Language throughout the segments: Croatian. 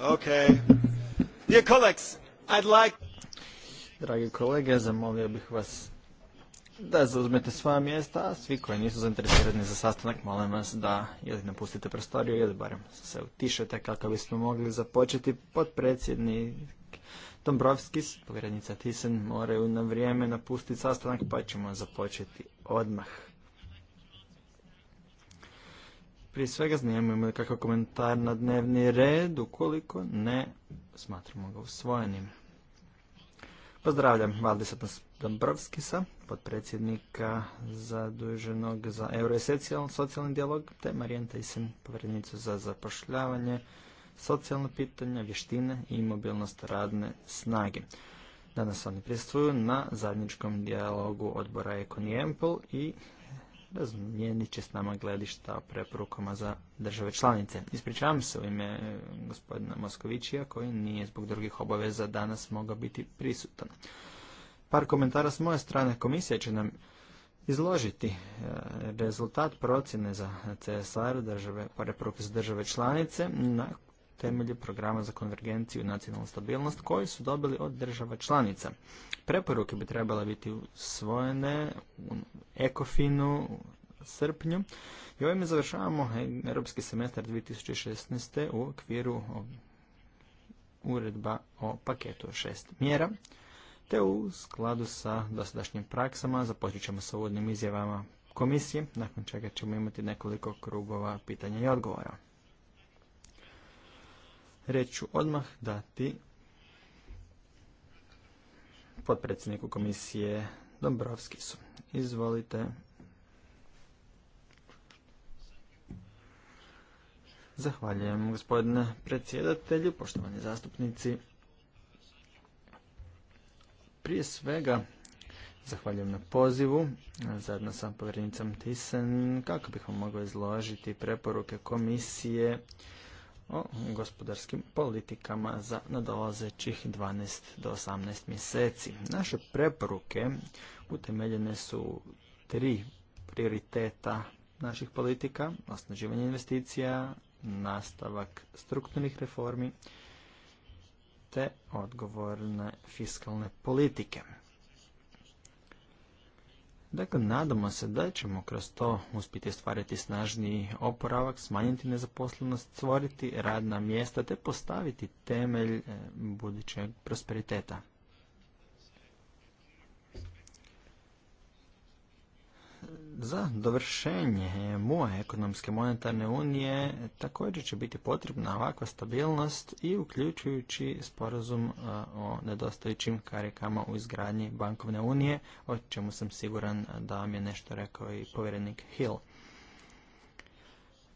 Okay. Dear colleagues, I'd like... Dragi kolege, zamolio bih vas da zauzmete svoja mjesta, a svi koji nisu zainteresirani za sastanak, molim vas da ili napustite prostoriju ili barem se utišete kako bismo mogli započeti potpredsjednik Dombrovskis, povjerenica Tisen, moraju na vrijeme napustiti sastanak pa ćemo započeti odmah. Prije svega znamo imamo kakav komentar na dnevni red, ukoliko ne, smatramo ga usvojenim. Pozdravljam Valdisa Dombrovskisa, podpredsjednika zaduženog za euroesecijalno socijalni dijalog, te Marijenta Isim, povrednicu za zapošljavanje, socijalne pitanja, vještine i mobilnost radne snage. Danas oni pristuju na zajedničkom dijalogu odbora Econ i razmijenit će s nama gledišta o preporukama za države članice. Ispričavam se u ime e, gospodina Moskovićija koji nije zbog drugih obaveza danas mogao biti prisutan. Par komentara s moje strane. Komisija će nam izložiti e, rezultat procjene za CSR države, preporuke za države članice na temelju programa za konvergenciju i nacionalnu stabilnost koji su dobili od država članica. Preporuke bi trebale biti usvojene u Ekofinu u srpnju i ovime završavamo Europski semestar 2016. u okviru uredba o paketu šest mjera te u skladu sa dosadašnjim praksama započet ćemo sa uvodnim izjavama komisije, nakon čega ćemo imati nekoliko krugova pitanja i odgovora. Reći ću odmah dati potpredsjedniku komisije su. Izvolite. Zahvaljujem gospodine predsjedatelju, poštovani zastupnici. Prije svega, zahvaljujem na pozivu, zajedno sa povjerenicom Tisen, kako bih vam mogao izložiti preporuke komisije o gospodarskim politikama za nadolazećih 12 do 18 mjeseci. Naše preporuke utemeljene su tri prioriteta naših politika, osnaživanje investicija, nastavak strukturnih reformi te odgovorne fiskalne politike. Dakle, nadamo se da ćemo kroz to uspjeti stvariti snažniji oporavak, smanjiti nezaposlenost, stvoriti radna mjesta te postaviti temelj eh, budućeg prosperiteta. Za dovršenje moje ekonomske monetarne unije također će biti potrebna ovakva stabilnost i uključujući sporazum e, o nedostajućim karikama u izgradnji bankovne unije, o čemu sam siguran da vam je nešto rekao i povjerenik Hill.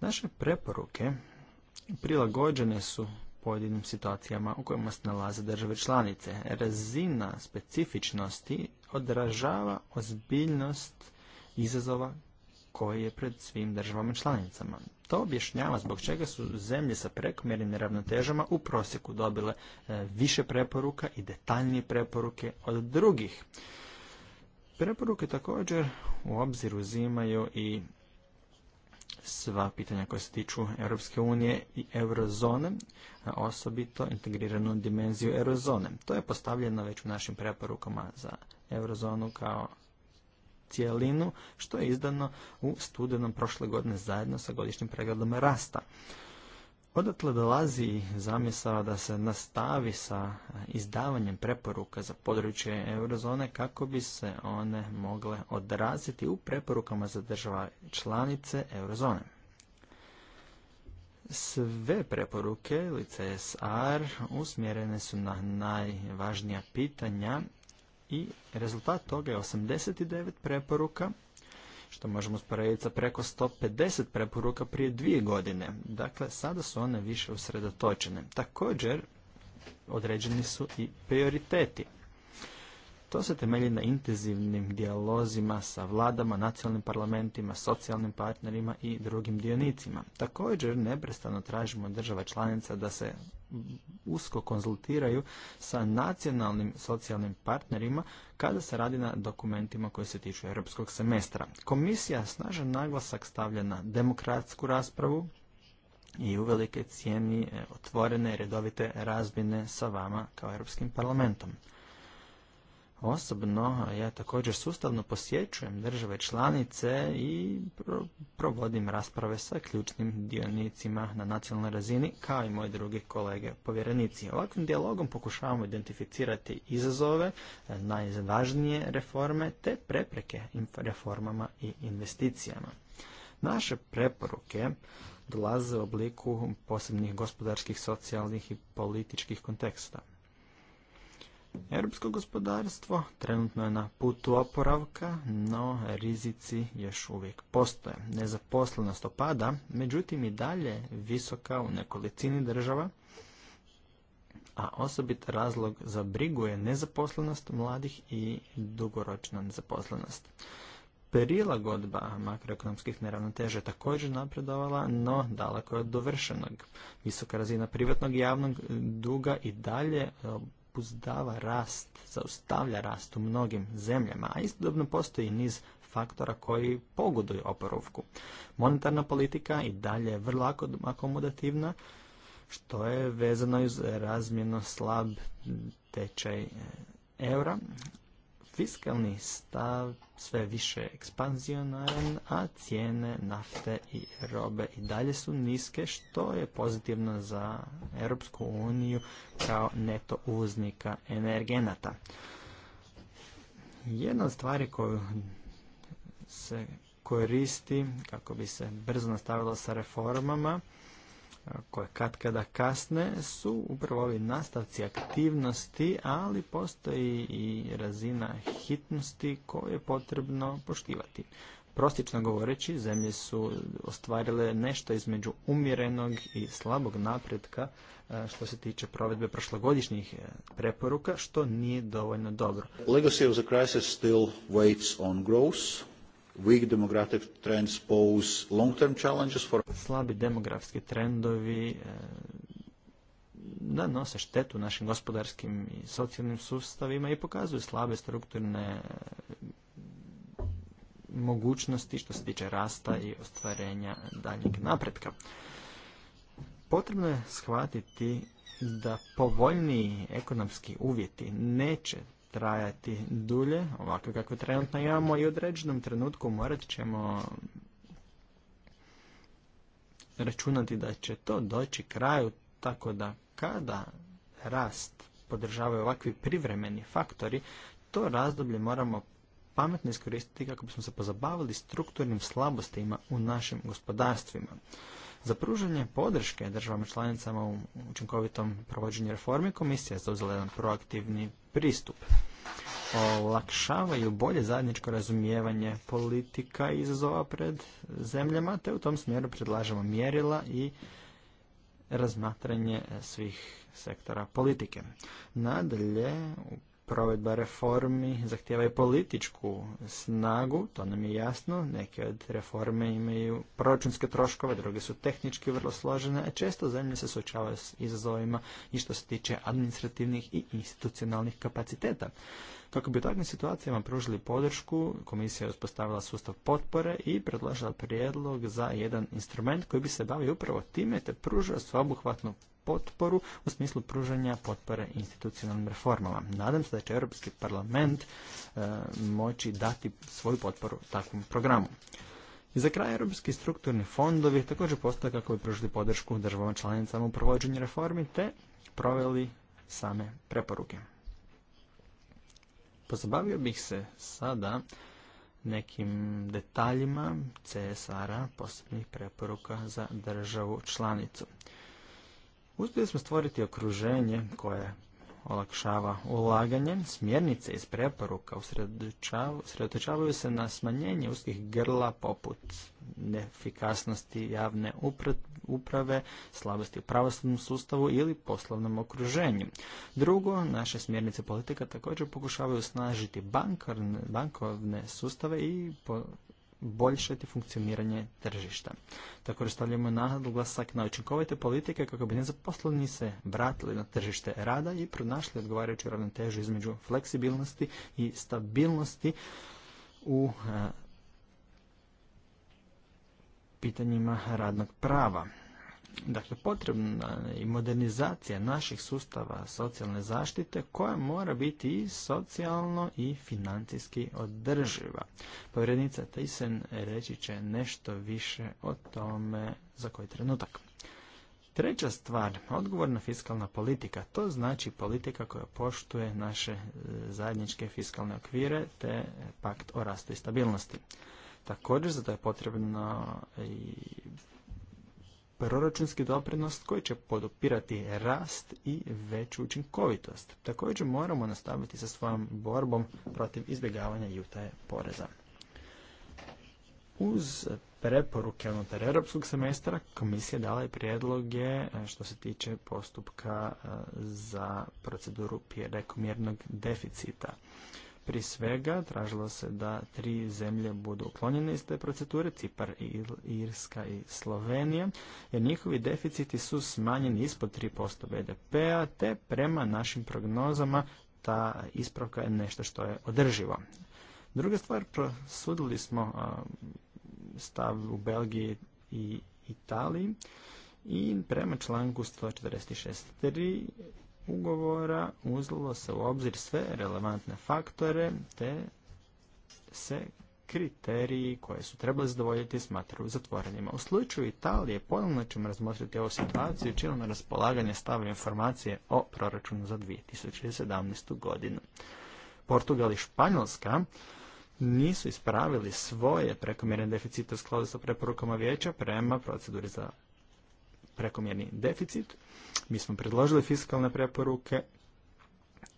Naše preporuke prilagođene su pojedinim situacijama u kojima se nalaze države članice. Razina specifičnosti odražava ozbiljnost izazova koji je pred svim državama članicama. To objašnjava zbog čega su zemlje sa prekomjernim neravnotežama u prosjeku dobile e, više preporuka i detaljnije preporuke od drugih. Preporuke također u obzir uzimaju i sva pitanja koja se tiču Europske unije i eurozone, osobito integriranu dimenziju eurozone. To je postavljeno već u našim preporukama za eurozonu kao cijelinu, što je izdano u studenom prošle godine zajedno sa godišnjim pregledom rasta. Odatle dolazi zamisao da se nastavi sa izdavanjem preporuka za područje eurozone kako bi se one mogle odraziti u preporukama za država članice eurozone. Sve preporuke ili CSR usmjerene su na najvažnija pitanja i rezultat toga je 89 preporuka, što možemo usporediti sa preko 150 preporuka prije dvije godine. Dakle, sada su one više usredotočene. Također, određeni su i prioriteti. To se temelji na intenzivnim dijalozima sa vladama, nacionalnim parlamentima, socijalnim partnerima i drugim dionicima. Također, neprestano tražimo država članica da se usko konzultiraju sa nacionalnim socijalnim partnerima kada se radi na dokumentima koji se tiču europskog semestra. Komisija snažan naglasak stavlja na demokratsku raspravu, i u velike cijeni e, otvorene redovite razbine sa vama kao Europskim parlamentom. Osobno ja također sustavno posjećujem države članice i provodim rasprave sa ključnim dionicima na nacionalnoj razini kao i moji drugi kolege povjerenici. Ovakvim dijalogom pokušavamo identificirati izazove, e, najvažnije reforme te prepreke reformama i investicijama. Naše preporuke dolaze u obliku posebnih gospodarskih, socijalnih i političkih konteksta. Europsko gospodarstvo trenutno je na putu oporavka, no rizici još uvijek postoje. Nezaposlenost opada, međutim i dalje visoka u nekolicini država, a osobit razlog za brigu je nezaposlenost mladih i dugoročna nezaposlenost. Prilagodba makroekonomskih neravnoteža je također napredovala, no daleko je od dovršenog. Visoka razina privatnog i javnog duga i dalje obuzdava rast, zaustavlja rast u mnogim zemljama, a istodobno postoji niz faktora koji pogoduju oporovku. Monetarna politika i dalje je vrlo akomodativna, što je vezano za razmjeno slab tečaj e, eura, fiskalni stav sve više ekspanzionaran, a cijene nafte i robe i dalje su niske, što je pozitivno za Europsku uniju kao neto uznika energenata. Jedna od stvari koju se koristi kako bi se brzo nastavilo sa reformama koje kada kasne su upravo ovi nastavci aktivnosti, ali postoji i razina hitnosti koju je potrebno poštivati. Prostično govoreći, zemlje su ostvarile nešto između umjerenog i slabog napretka e, što se tiče provedbe prošlogodišnjih e, preporuka, što nije dovoljno dobro. Legacy of the crisis still on growth. Weak demographic trends pose long-term challenges for... Slabi demografski trendovi nanose e, štetu našim gospodarskim i socijalnim sustavima i pokazuju slabe strukturne e, mogućnosti što se tiče rasta i ostvarenja daljnjeg napretka. Potrebno je shvatiti da povoljni ekonomski uvjeti neće trajati dulje, ovako kako trenutno imamo i u određenom trenutku morat ćemo računati da će to doći kraju, tako da kada rast podržavaju ovakvi privremeni faktori, to razdoblje moramo pametno iskoristiti kako bismo se pozabavili strukturnim slabostima u našim gospodarstvima. Za pružanje podrške državama članicama u učinkovitom provođenju reformi komisija je zauzela jedan proaktivni pristup. Olakšavaju bolje zajedničko razumijevanje politika i izazova pred zemljama, te u tom smjeru predlažemo mjerila i razmatranje svih sektora politike. Nadalje, u provedba reformi zahtijevaju političku snagu, to nam je jasno. Neke od reforme imaju proračunske troškove, druge su tehnički vrlo složene, a često zemlje se suočavaju s izazovima i što se tiče administrativnih i institucionalnih kapaciteta. Kako bi u takvim situacijama pružili podršku, komisija je uspostavila sustav potpore i predložila prijedlog za jedan instrument koji bi se bavio upravo time te pružao sveobuhvatnu potporu u smislu pružanja potpore institucionalnim reformama. Nadam se da će Europski parlament e, moći dati svoju potporu takvom programu. I za kraj Europski strukturni fondovi također postoje kako bi pružili podršku državama članicama u provođenju reformi te proveli same preporuke. Pozabavio bih se sada nekim detaljima CSR-a posebnih preporuka za državu članicu. Uspjeli smo stvoriti okruženje koje olakšava ulaganje. Smjernice iz preporuka usredotočavaju se na smanjenje uskih grla poput neefikasnosti javne uprave, slabosti u pravoslavnom sustavu ili poslovnom okruženju. Drugo, naše smjernice politika također pokušavaju snažiti bankovne sustave i poboljšati funkcioniranje tržišta. Također stavljamo glasak na učinkovite politike kako bi nezaposleni se vratili na tržište rada i pronašli odgovarajuću ravnotežu između fleksibilnosti i stabilnosti u e, pitanjima radnog prava. Dakle, potrebna je i modernizacija naših sustava socijalne zaštite koja mora biti i socijalno i financijski održiva. Povjerenica Tyson reći će nešto više o tome za koji trenutak. Treća stvar, odgovorna fiskalna politika, to znači politika koja poštuje naše e, zajedničke fiskalne okvire te pakt o rastu i stabilnosti. Također za to je potrebno i proračunski doprinos koji će podupirati rast i veću učinkovitost. Također moramo nastaviti sa svojom borbom protiv izbjegavanja juta poreza. Uz preporuke unutar europskog semestra komisija dala je prijedloge e, što se tiče postupka e, za proceduru prekomjernog deficita. Pri svega tražilo se da tri zemlje budu uklonjene iz te procedure, Cipar, Irska i Slovenija, jer njihovi deficiti su smanjeni ispod 3% BDP-a, te prema našim prognozama ta ispravka je nešto što je održivo. Druga stvar, prosudili smo stav u Belgiji i Italiji i prema članku 146.3 ugovora uzelo se u obzir sve relevantne faktore te se kriteriji koje su trebali zadovoljiti smatraju zatvorenima. U slučaju Italije ponovno ćemo razmotriti ovu situaciju i na raspolaganje stavlja informacije o proračunu za 2017. godinu. Portugal i Španjolska nisu ispravili svoje prekomjerne deficite u skladu sa preporukama vijeća prema proceduri za prekomjerni deficit. Mi smo predložili fiskalne preporuke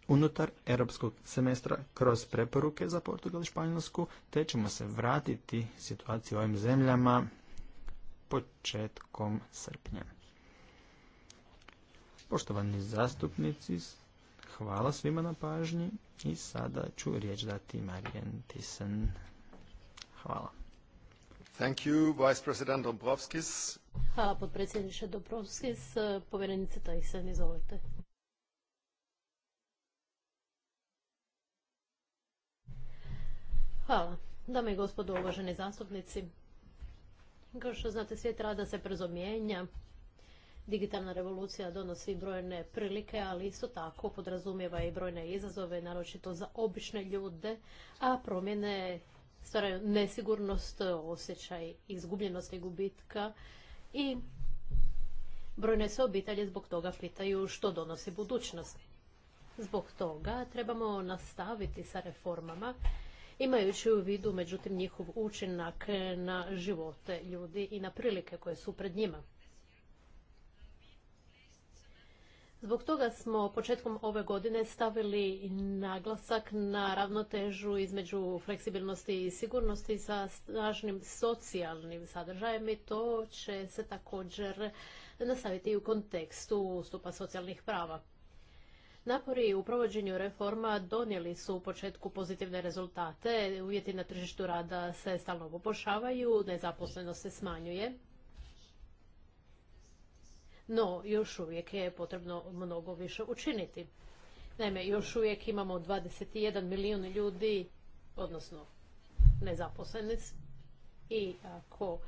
unutar europskog semestra kroz preporuke za Portugal i Španjolsku, te ćemo se vratiti situaciji u ovim zemljama početkom srpnja. Poštovani zastupnici, hvala svima na pažnji i sada ću riječ dati Marijan Tisen. Hvala. Thank you, Vice President Dombrovskis. Hvala potpredsjedniče s Povjerenice Tajsen, izvolite. Hvala. Dame i gospodo, uvaženi zastupnici, kao što znate, svijet rada se przo mijenja. Digitalna revolucija donosi brojne prilike, ali isto tako podrazumijeva i brojne izazove, naročito za obične ljude, a promjene stvaraju nesigurnost, osjećaj izgubljenosti gubitka i brojne se obitelje zbog toga pitaju što donosi budućnost. Zbog toga trebamo nastaviti sa reformama, imajući u vidu međutim njihov učinak na živote ljudi i na prilike koje su pred njima. Zbog toga smo početkom ove godine stavili naglasak na ravnotežu između fleksibilnosti i sigurnosti sa snažnim socijalnim sadržajem i to će se također nastaviti i u kontekstu ustupa socijalnih prava. Napori u provođenju reforma donijeli su u početku pozitivne rezultate, uvjeti na tržištu rada se stalno poboljšavaju, nezaposlenost se smanjuje, no još uvijek je potrebno mnogo više učiniti. Naime, još uvijek imamo 21 milijun ljudi, odnosno nezaposlenic, i ako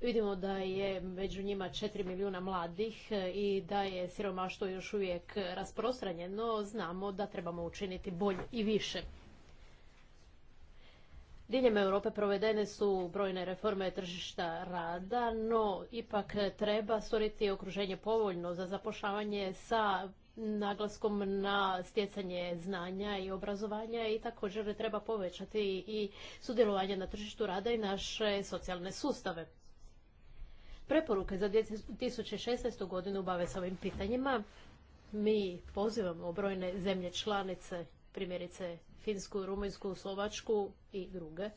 vidimo da je među njima 4 milijuna mladih e, i da je siromaštvo još uvijek rasprostranjeno, znamo da trebamo učiniti bolje i više. Diljem Europe provedene su brojne reforme tržišta rada, no ipak treba stvoriti okruženje povoljno za zapošljavanje sa naglaskom na stjecanje znanja i obrazovanja i također treba povećati i sudjelovanje na tržištu rada i naše socijalne sustave. Preporuke za 2016. godinu bave se ovim pitanjima. Mi pozivamo brojne zemlje članice, primjerice Finsku, Rumunjsku, Slovačku i druge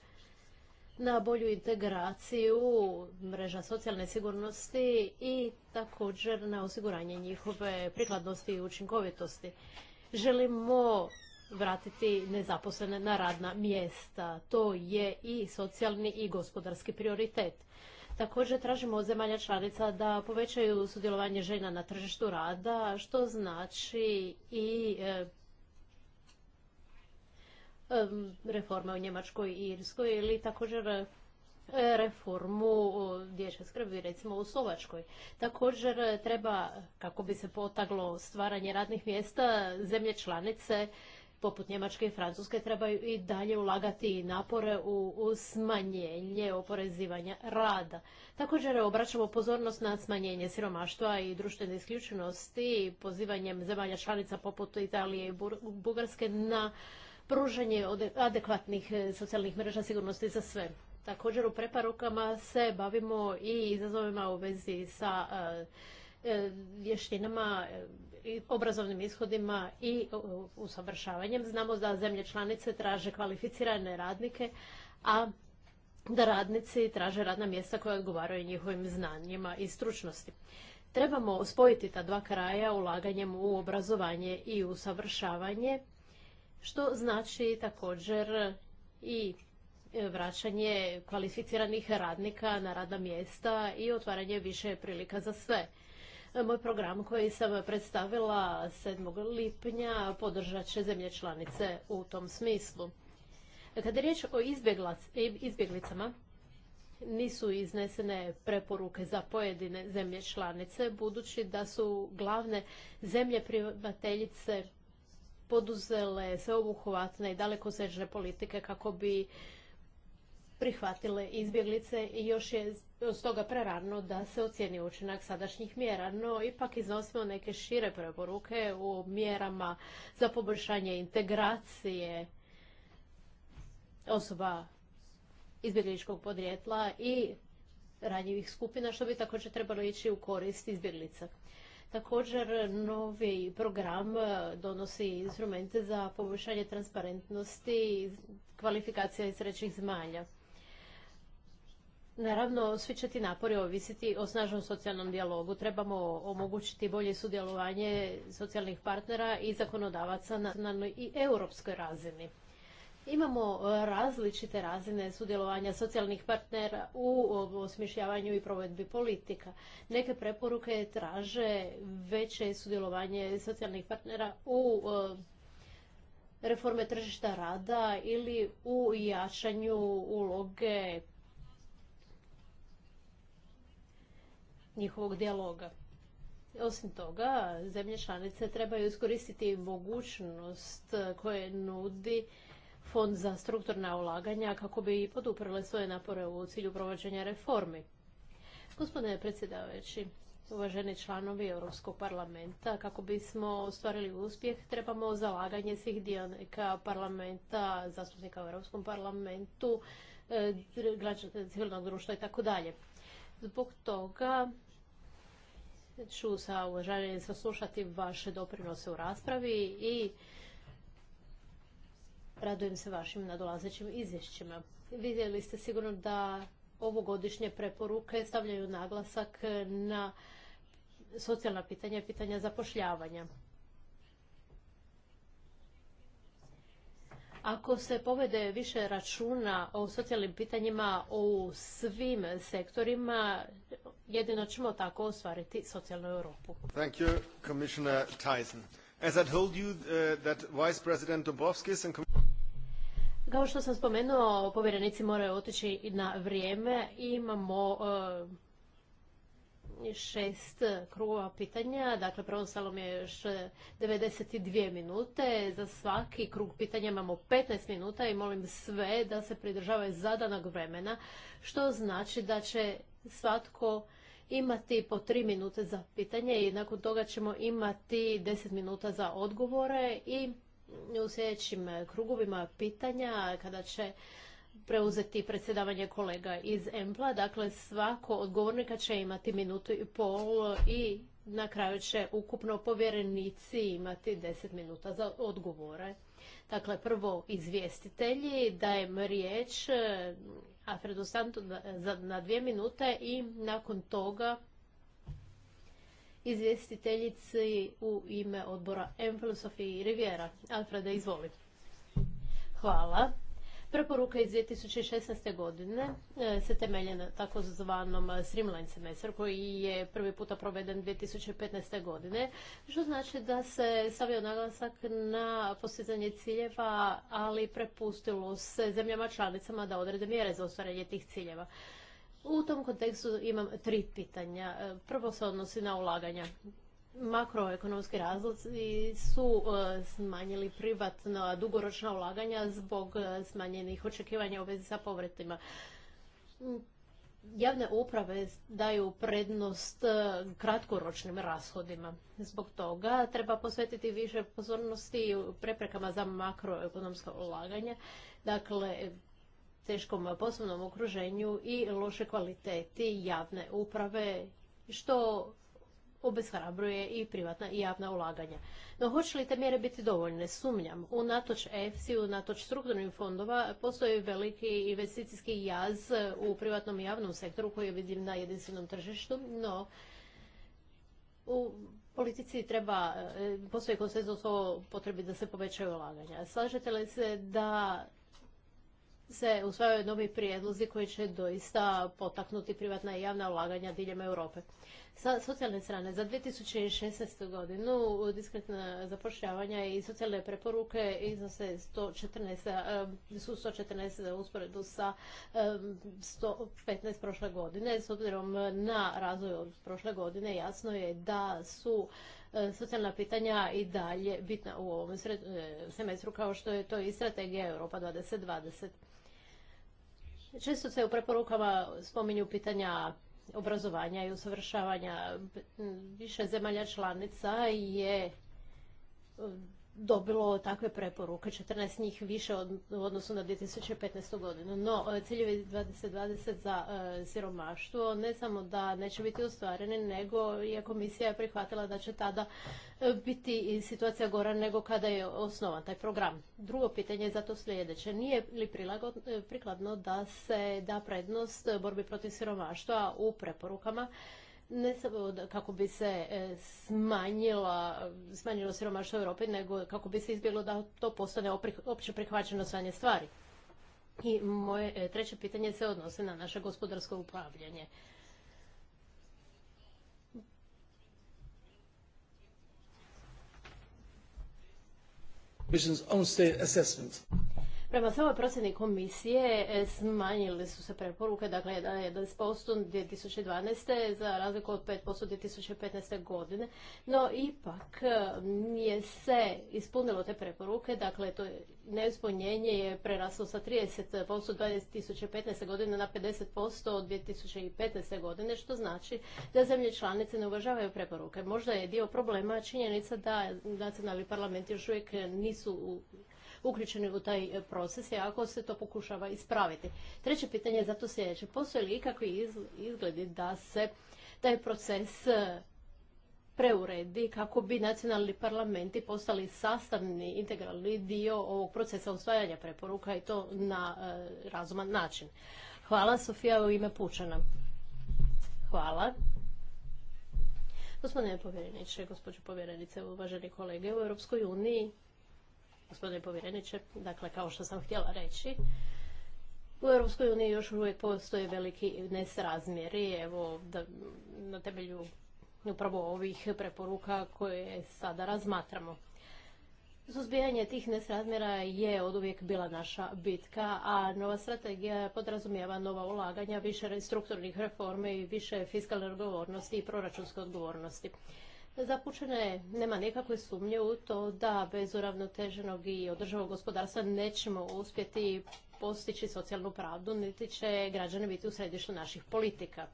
na bolju integraciju mreža socijalne sigurnosti i također na osiguranje njihove prikladnosti i učinkovitosti. Želimo vratiti nezaposlene na radna mjesta. To je i socijalni i gospodarski prioritet. Također tražimo od zemalja članica da povećaju sudjelovanje žena na tržištu rada, što znači i e, reforme u Njemačkoj i Irskoj ili također eh, reformu eh, dječje skrbi recimo u Slovačkoj. Također eh, treba, kako bi se potaglo stvaranje radnih mjesta, zemlje članice poput Njemačke i Francuske trebaju i dalje ulagati napore u, u smanjenje oporezivanja rada. Također obraćamo pozornost na smanjenje siromaštva i društvene isključenosti pozivanjem zemalja članica poput Italije i Bugarske na pružanje adekvatnih e, socijalnih mreža sigurnosti za sve. Također u preparukama se bavimo i izazovima u vezi sa e, e, vještinama, obrazovnim ishodima i usavršavanjem. Znamo da zemlje članice traže kvalificirane radnike, a da radnici traže radna mjesta koja odgovaraju njihovim znanjima i stručnosti. Trebamo spojiti ta dva kraja ulaganjem u obrazovanje i usavršavanje što znači također i e, vraćanje kvalificiranih radnika na radna mjesta i otvaranje više prilika za sve. E, moj program koji sam predstavila 7. lipnja podržat će zemlje članice u tom smislu. E, Kada je riječ o izbjeglicama, nisu iznesene preporuke za pojedine zemlje članice, budući da su glavne zemlje primateljice poduzele sveobuhvatne i dalekosežne politike kako bi prihvatile izbjeglice i još je stoga prerano da se ocijeni učinak sadašnjih mjera, no ipak iznosimo neke šire preporuke u mjerama za poboljšanje integracije osoba izbjegličkog podrijetla i ranjivih skupina, što bi također trebalo ići u korist izbjeglica. Također, novi program e, donosi instrumente za poboljšanje transparentnosti kvalifikacija iz trećih zemalja. Naravno, svi će ti napori ovisiti o snažnom socijalnom dijalogu. Trebamo omogućiti bolje sudjelovanje socijalnih partnera i zakonodavaca na i europskoj razini. Imamo e, različite razine sudjelovanja socijalnih partnera u osmišljavanju i provedbi politika. Neke preporuke traže veće sudjelovanje socijalnih partnera u e, reforme tržišta rada ili u jačanju uloge njihovog dijaloga. Osim toga, zemlje članice trebaju iskoristiti mogućnost koje nudi fond za strukturna ulaganja kako bi poduprle svoje napore u cilju provođenja reformi. Gospodine predsjedavajući, uvaženi članovi Europskog parlamenta, kako bismo ostvarili uspjeh, trebamo zalaganje svih dionika parlamenta, zastupnika u Europskom parlamentu, e, civilnog društva i tako dalje. Zbog toga ću sa uvažanjem saslušati vaše doprinose u raspravi i Radujem se vašim nadolazećim izvješćima. Vidjeli ste sigurno da ovogodišnje preporuke stavljaju naglasak na socijalna pitanja pitanja zapošljavanja. Ako se povede više računa o socijalnim pitanjima u svim sektorima, jedino ćemo tako ostvariti socijalnu Europu. Thank Tyson. Kao što sam spomenuo, povjerenici moraju otići na vrijeme. Imamo e, šest krugova pitanja, dakle preostalo mi je još 92 minute. Za svaki krug pitanja imamo 15 minuta i molim sve da se pridržavaju zadanog vremena, što znači da će svatko imati po tri minute za pitanje i nakon toga ćemo imati 10 minuta za odgovore i u sljedećim e, krugovima pitanja kada će preuzeti predsjedavanje kolega iz EMPLA. Dakle, svako odgovornika će imati minutu i pol i na kraju će ukupno povjerenici imati deset minuta za odgovore. Dakle, prvo izvjestitelji, dajem riječ e, Alfredo Santu na dvije minute i nakon toga izvjestiteljici u ime odbora M i Rivijera. Alfreda, izvoli. Hvala. Preporuka iz 2016. godine e, se temelje na takozvanom streamline semestru koji je prvi puta proveden 2015. godine, što znači da se stavio naglasak na postizanje ciljeva, ali prepustilo se zemljama članicama da odrede mjere za ostvarenje tih ciljeva. U tom kontekstu imam tri pitanja. E, prvo se odnosi na ulaganja. Makroekonomski razlozi su e, smanjili privatna dugoročna ulaganja zbog e, smanjenih očekivanja u vezi sa povratima. Javne uprave daju prednost kratkoročnim rashodima. Zbog toga treba posvetiti više pozornosti preprekama za makroekonomska ulaganja. Dakle, teškom poslovnom okruženju i loše kvaliteti javne uprave, što obeshrabruje i privatna i javna ulaganja. No hoće li te mjere biti dovoljne? Sumnjam. U natoč EFSI, u natoč strukturnim fondova postoji veliki investicijski jaz u privatnom i javnom sektoru koji je vidim na jedinstvenom tržištu, no u politici treba, e, postoji konsenzus o potrebi da se povećaju ulaganja. Slažete li se da se usvajaju novi prijedlozi koji će doista potaknuti privatna i javna ulaganja diljem Europe. Sa socijalne strane, za 2016. godinu diskretna zapošljavanja i socijalne preporuke iznose 114, e, su 114 za usporedu sa 115 e, prošle godine. S obzirom na razvoj od prošle godine jasno je da su e, socijalna pitanja i dalje bitna u ovom semestru kao što je to i strategija Europa 2020. Često se u preporukama spominju pitanja obrazovanja i usavršavanja više zemalja članica je dobilo takve preporuke, 14 njih više od, u odnosu na 2015. godinu. No, e, ciljevi 2020 za e, siromaštvo ne samo da neće biti ostvareni, nego je komisija prihvatila da će tada e, biti situacija gora nego kada je osnovan taj program. Drugo pitanje je zato sljedeće. Nije li prikladno da se da prednost borbi protiv siromaštva u preporukama ne samo kako bi se e, smanjila, smanjilo siromaštvo Europi, nego kako bi se izbjeglo da to postane opće prihvaćeno stanje stvari. I moje e, treće pitanje se odnose na naše gospodarsko upravljanje. On assessment. Prema samoj procjeni komisije e, smanjile su se preporuke, dakle 11% 2012. za razliku od 5% 2015. godine, no ipak e, nije se ispunilo te preporuke, dakle to neispunjenje je preraslo sa 30% 2015. godine na 50% od 2015. godine, što znači da zemlje članice ne uvažavaju preporuke. Možda je dio problema činjenica da nacionalni parlament još uvijek nisu u uključeni u taj e, proces i ako se to pokušava ispraviti. Treće pitanje je zato sljedeće. Postoje li ikakvi izgledi da se taj proces e, preuredi kako bi nacionalni parlamenti postali sastavni, integralni dio ovog procesa usvajanja preporuka i to na e, razuman način. Hvala, Sofija, u ime Pučana. Hvala. Gospodine povjereniče, gospođo povjerenice, uvaženi kolege, u Europskoj uniji gospodine povjereniče. Dakle, kao što sam htjela reći, u Europskoj uniji još uvijek postoje veliki nesrazmjeri. Evo, da, na temelju upravo ovih preporuka koje sada razmatramo. Suzbijanje tih nesrazmjera je od uvijek bila naša bitka, a nova strategija podrazumijeva nova ulaganja, više strukturnih reforme i više fiskalne odgovornosti i proračunske odgovornosti zapučene, nema nikakve sumnje u to da bez uravnoteženog i održavog gospodarstva nećemo uspjeti postići socijalnu pravdu, niti će građani biti u središtu naših politika.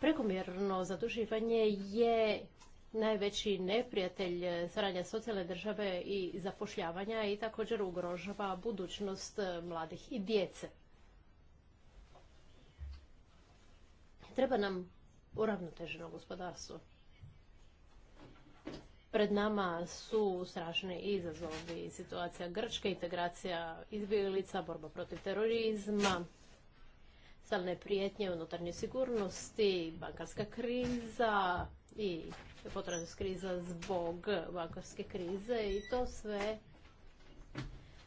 Prekomjerno zaduživanje je najveći neprijatelj saranja socijalne države i zapošljavanja i također ugrožava budućnost mladih i djece. Treba nam uravnoteženo gospodarstvo. Pred nama su strašni izazovi, situacija Grčke, integracija izbjeglica, borba protiv terorizma, stalne prijetnje unutarnje sigurnosti, bankarska kriza i potražnost kriza zbog bankarske krize i to sve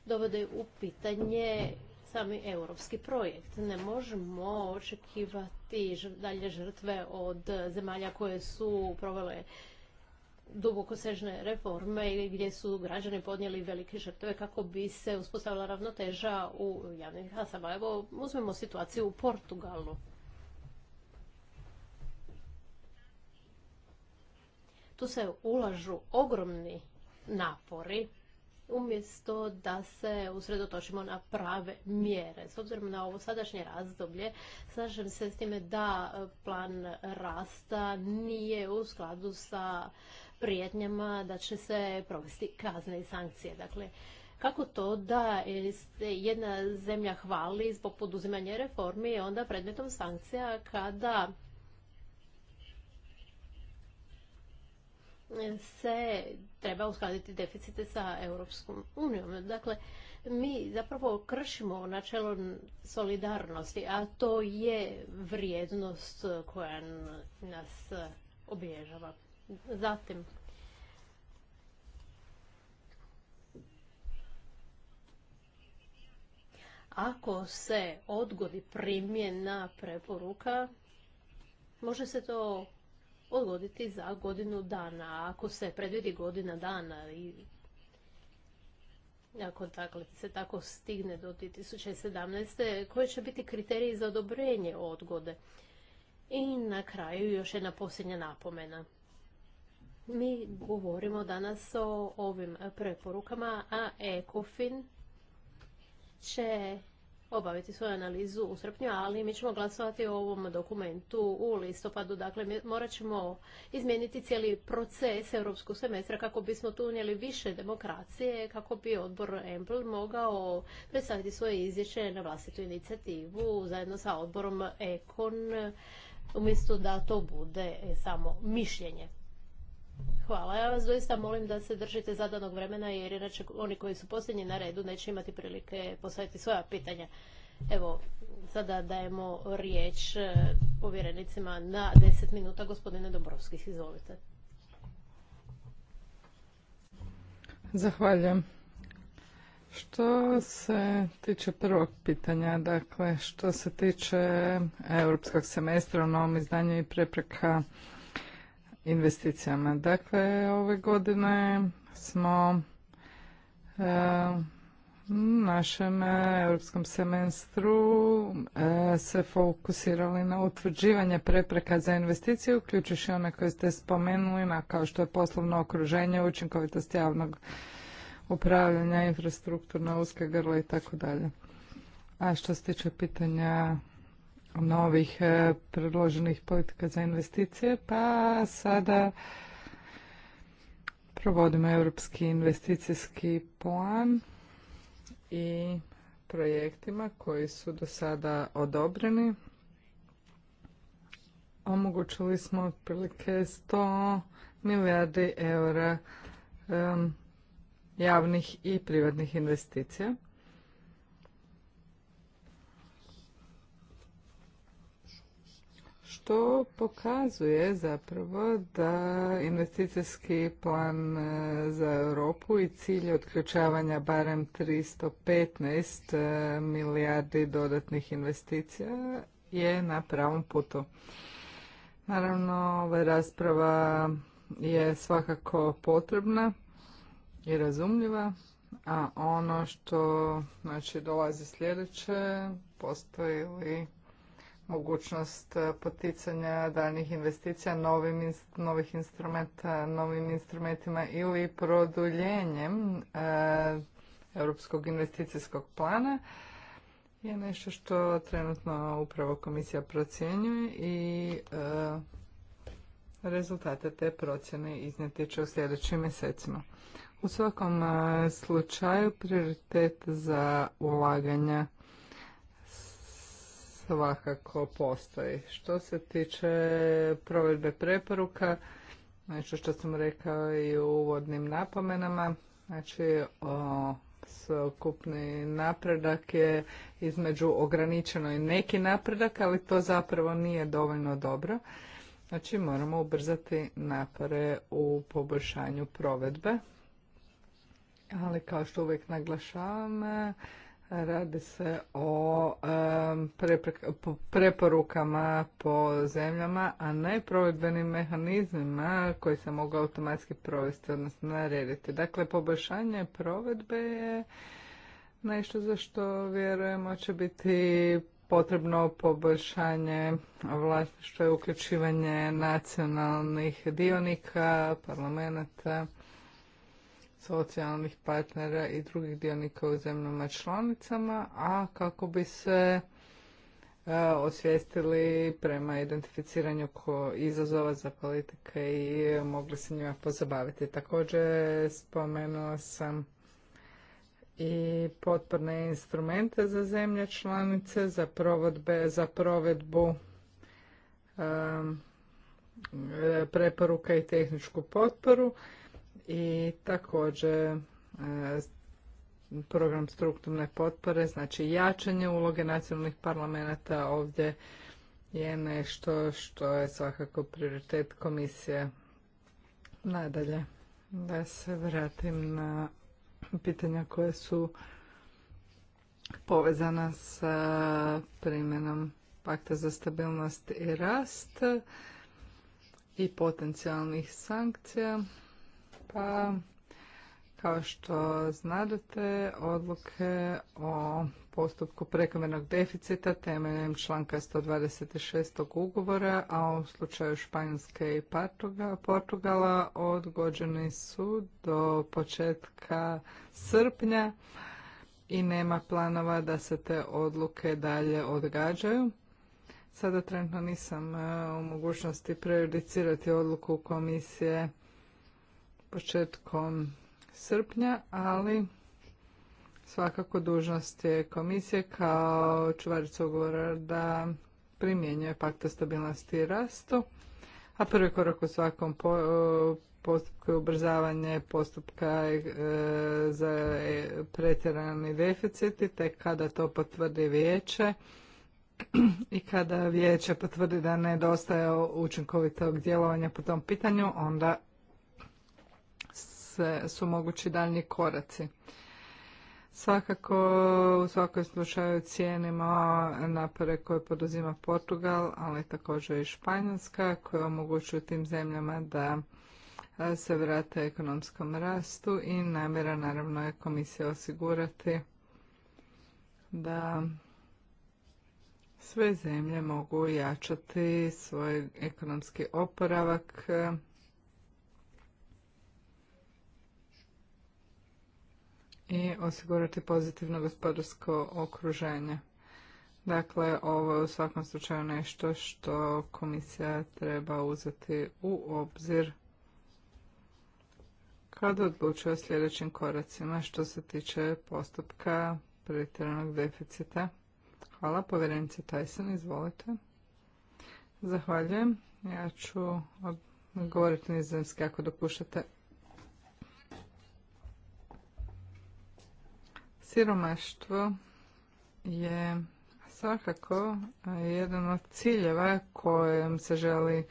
dovode u pitanje sami europski projekt. Ne možemo očekivati dalje žrtve od zemalja koje su provele dubokosežne reforme gdje su građani podnijeli velike žrtve kako bi se uspostavila ravnoteža u javnim kasama. Evo, uzmemo situaciju u Portugalu. Tu se ulažu ogromni napori umjesto da se usredotočimo na prave mjere. S obzirom na ovo sadašnje razdoblje, slažem se s time da plan rasta nije u skladu sa prijetnjama da će se provesti kazne i sankcije. Dakle, kako to da se jedna zemlja hvali zbog poduzimanja reformi i onda predmetom sankcija kada se treba uskladiti deficite sa Europskom unijom. Dakle, mi zapravo kršimo načelo solidarnosti, a to je vrijednost koja nas obježava. Zatim, ako se odgodi primjena preporuka, može se to odgoditi za godinu dana. Ako se predvidi godina dana i ako dakle, se tako stigne do 2017. koji će biti kriteriji za odobrenje odgode. I na kraju još jedna posljednja napomena. Mi govorimo danas o ovim preporukama, a ECOFIN će obaviti svoju analizu u srpnju, ali mi ćemo glasovati o ovom dokumentu u listopadu. Dakle, morat ćemo izmijeniti cijeli proces europskog semestra kako bismo tu unijeli više demokracije, kako bi odbor EMPL mogao predstaviti svoje izvješće na vlastitu inicijativu zajedno sa odborom ECON umjesto da to bude samo mišljenje. Hvala. Ja vas doista molim da se držite zadanog vremena jer inače oni koji su posljednji na redu neće imati prilike postaviti svoja pitanja. Evo, sada dajemo riječ e, povjerenicima na 10 minuta. Gospodine dobrovski izvolite. Zahvaljujem. Što se tiče prvog pitanja, dakle, što se tiče europskog semestra u novom izdanju i prepreka investicijama. Dakle, ove godine smo e, našem e, europskom semestru e, se fokusirali na utvrđivanje prepreka za investicije, uključujući one koje ste spomenuli, na kao što je poslovno okruženje, učinkovitost javnog upravljanja, infrastrukturna uske grla i tako dalje. A što se tiče pitanja novih e, predloženih politika za investicije, pa sada provodimo Europski investicijski plan i projektima koji su do sada odobreni. Omogućili smo otprilike 100 milijardi eura javnih i privatnih investicija. to pokazuje zapravo da investicijski plan e, za Europu i cilj otključavanja barem 315 e, milijardi dodatnih investicija je na pravom putu. Naravno, ova rasprava je svakako potrebna i razumljiva, a ono što znači, dolazi sljedeće, postoji li mogućnost eh, poticanja daljnjih investicija novim, novih instrumenta, novim instrumentima ili produljenjem eh, Europskog investicijskog plana je nešto što trenutno upravo komisija procjenjuje i eh, rezultate te procjene iznijeti će u sljedećim mjesecima. U svakom slučaju prioritet za ulaganja svakako postoji. Što se tiče provedbe preporuka, znači što sam rekao i u uvodnim napomenama, znači o, sveukupni napredak je između ograničeno i neki napredak, ali to zapravo nije dovoljno dobro. Znači moramo ubrzati napore u poboljšanju provedbe. Ali kao što uvijek naglašavam, Radi se o preporukama po zemljama, a ne provedbenim mehanizmima koji se mogu automatski provesti, odnosno narediti. Dakle, poboljšanje provedbe je nešto za što vjerujemo će biti potrebno poboljšanje što je uključivanje nacionalnih dionika, parlamenta socijalnih partnera i drugih dionika u zemljama članicama, a kako bi se e, osvijestili prema identificiranju ko izazova za politike i mogli se njima pozabaviti. Također spomenula sam i potporne instrumente za zemlje članice za, provodbe, za provedbu e, preporuka i tehničku potporu i također e, program strukturne potpore, znači jačanje uloge nacionalnih parlamenta ovdje je nešto što je svakako prioritet komisije. Nadalje, da se vratim na pitanja koje su povezana sa primjenom pakta za stabilnost i rast i potencijalnih sankcija pa kao što znadete, odluke o postupku prekomjernog deficita temeljem članka 126. ugovora, a u slučaju Španjolske i Portugala odgođeni su do početka srpnja i nema planova da se te odluke dalje odgađaju. Sada trenutno nisam e, u mogućnosti prejudicirati odluku komisije početkom srpnja, ali svakako dužnost je komisije kao čuvarica ugovora da primjenjuje pakta stabilnosti i rastu, a prvi korak u svakom postupku je ubrzavanje postupka e, za e, pretjerani deficit i kada to potvrdi vijeće i kada vijeće potvrdi da nedostaje učinkovitog djelovanja po tom pitanju, onda su mogući daljnji koraci. Svakako, u svakoj slučaju cijenimo napore koje poduzima Portugal, ali također i Španjolska, koje omogućuju tim zemljama da se vrate ekonomskom rastu i namjera naravno je komisija osigurati da sve zemlje mogu jačati svoj ekonomski oporavak i osigurati pozitivno gospodarsko okruženje. Dakle, ovo je u svakom slučaju nešto što komisija treba uzeti u obzir kada odlučuje o sljedećim koracima što se tiče postupka pretjeranog deficita. Hvala, povjerenice Tyson, izvolite. Zahvaljujem. Ja ću govoriti nizozemski ako dopuštate. Siromaštvo je svakako jedan od ciljeva kojem se želi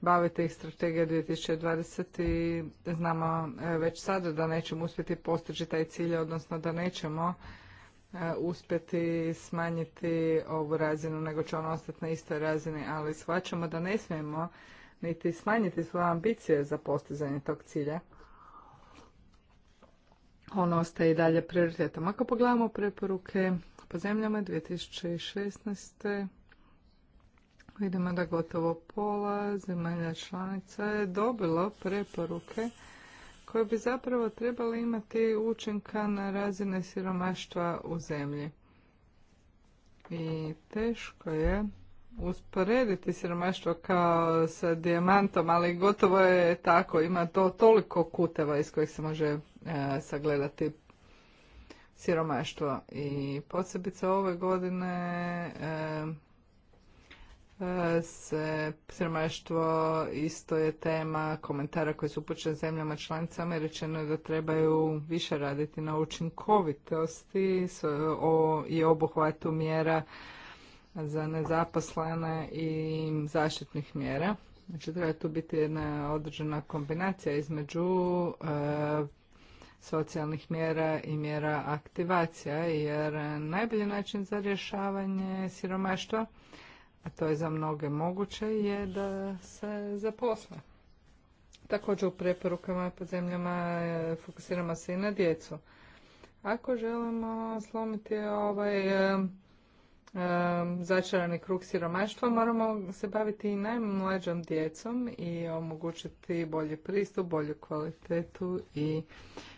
baviti i strategija 2020 i znamo e, već sada da nećemo uspjeti postići taj cilj, odnosno da nećemo e, uspjeti smanjiti ovu razinu, nego će ona ostati na istoj razini, ali shvaćamo da ne smijemo niti smanjiti svoje ambicije za postizanje tog cilja on ostaje i dalje prioritetom. Ako pogledamo preporuke po zemljama 2016. Vidimo da gotovo pola zemalja članica je dobilo preporuke koje bi zapravo trebali imati učinka na razine siromaštva u zemlji. I teško je usporediti siromaštvo kao sa dijamantom, ali gotovo je tako, ima to toliko kuteva iz kojih se može e, sagledati siromaštvo. I posebice ove godine e, e, se siromaštvo isto je tema komentara koji su upućeni zemljama članicama i rečeno je da trebaju više raditi na učinkovitosti i obuhvatu mjera za nezaposlene i zaštitnih mjera. Znači treba tu biti jedna određena kombinacija između e, socijalnih mjera i mjera aktivacija jer najbolji način za rješavanje siromaštva, a to je za mnoge moguće, je da se zaposle. Također u preporukama po zemljama e, fokusiramo se i na djecu. Ako želimo slomiti ovaj e, začarani krug siromaštva, moramo se baviti i najmlađom djecom i omogućiti bolji pristup, bolju kvalitetu i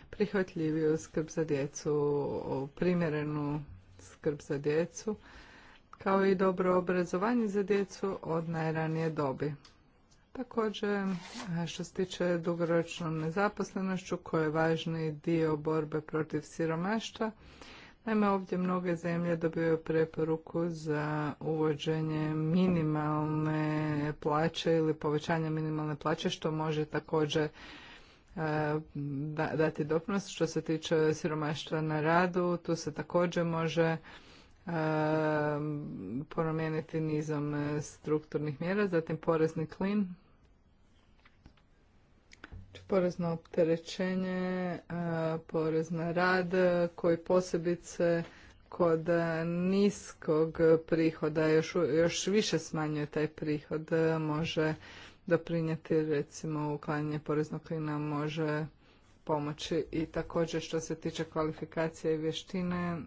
prihvatljiviju skrb za djecu, primjerenu skrb za djecu, kao i dobro obrazovanje za djecu od najranije dobi. Također, što se tiče dugoročnom nezaposlenošću, koja je važni dio borbe protiv siromaštva, Naime, ovdje mnoge zemlje dobivaju preporuku za uvođenje minimalne plaće ili povećanje minimalne plaće, što može također e, dati doprinos. Što se tiče siromaštva na radu, tu se također može e, promijeniti nizom strukturnih mjera, zatim porezni klin, porezno opterećenje, e, porez na rad e, koji posebice kod niskog prihoda još, još više smanjuje taj prihod, e, može doprinijeti recimo uklanjanje poreznog klina može pomoći i također što se tiče kvalifikacije i vještine,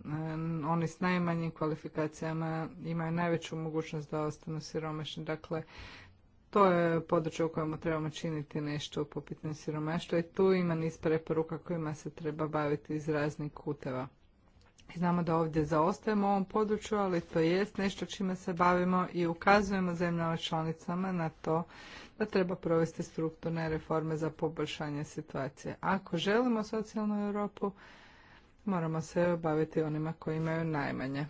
oni s najmanjim kvalifikacijama imaju najveću mogućnost da ostanu siromašni. Dakle, to je područje u kojemu trebamo činiti nešto po pitanju siromaštva i tu ima niz preporuka kojima se treba baviti iz raznih kuteva. Znamo da ovdje zaostajemo u ovom području, ali to jest nešto čime se bavimo i ukazujemo zemljama članicama na to da treba provesti strukturne reforme za poboljšanje situacije. Ako želimo socijalnu Europu, moramo se baviti onima koji imaju najmanje.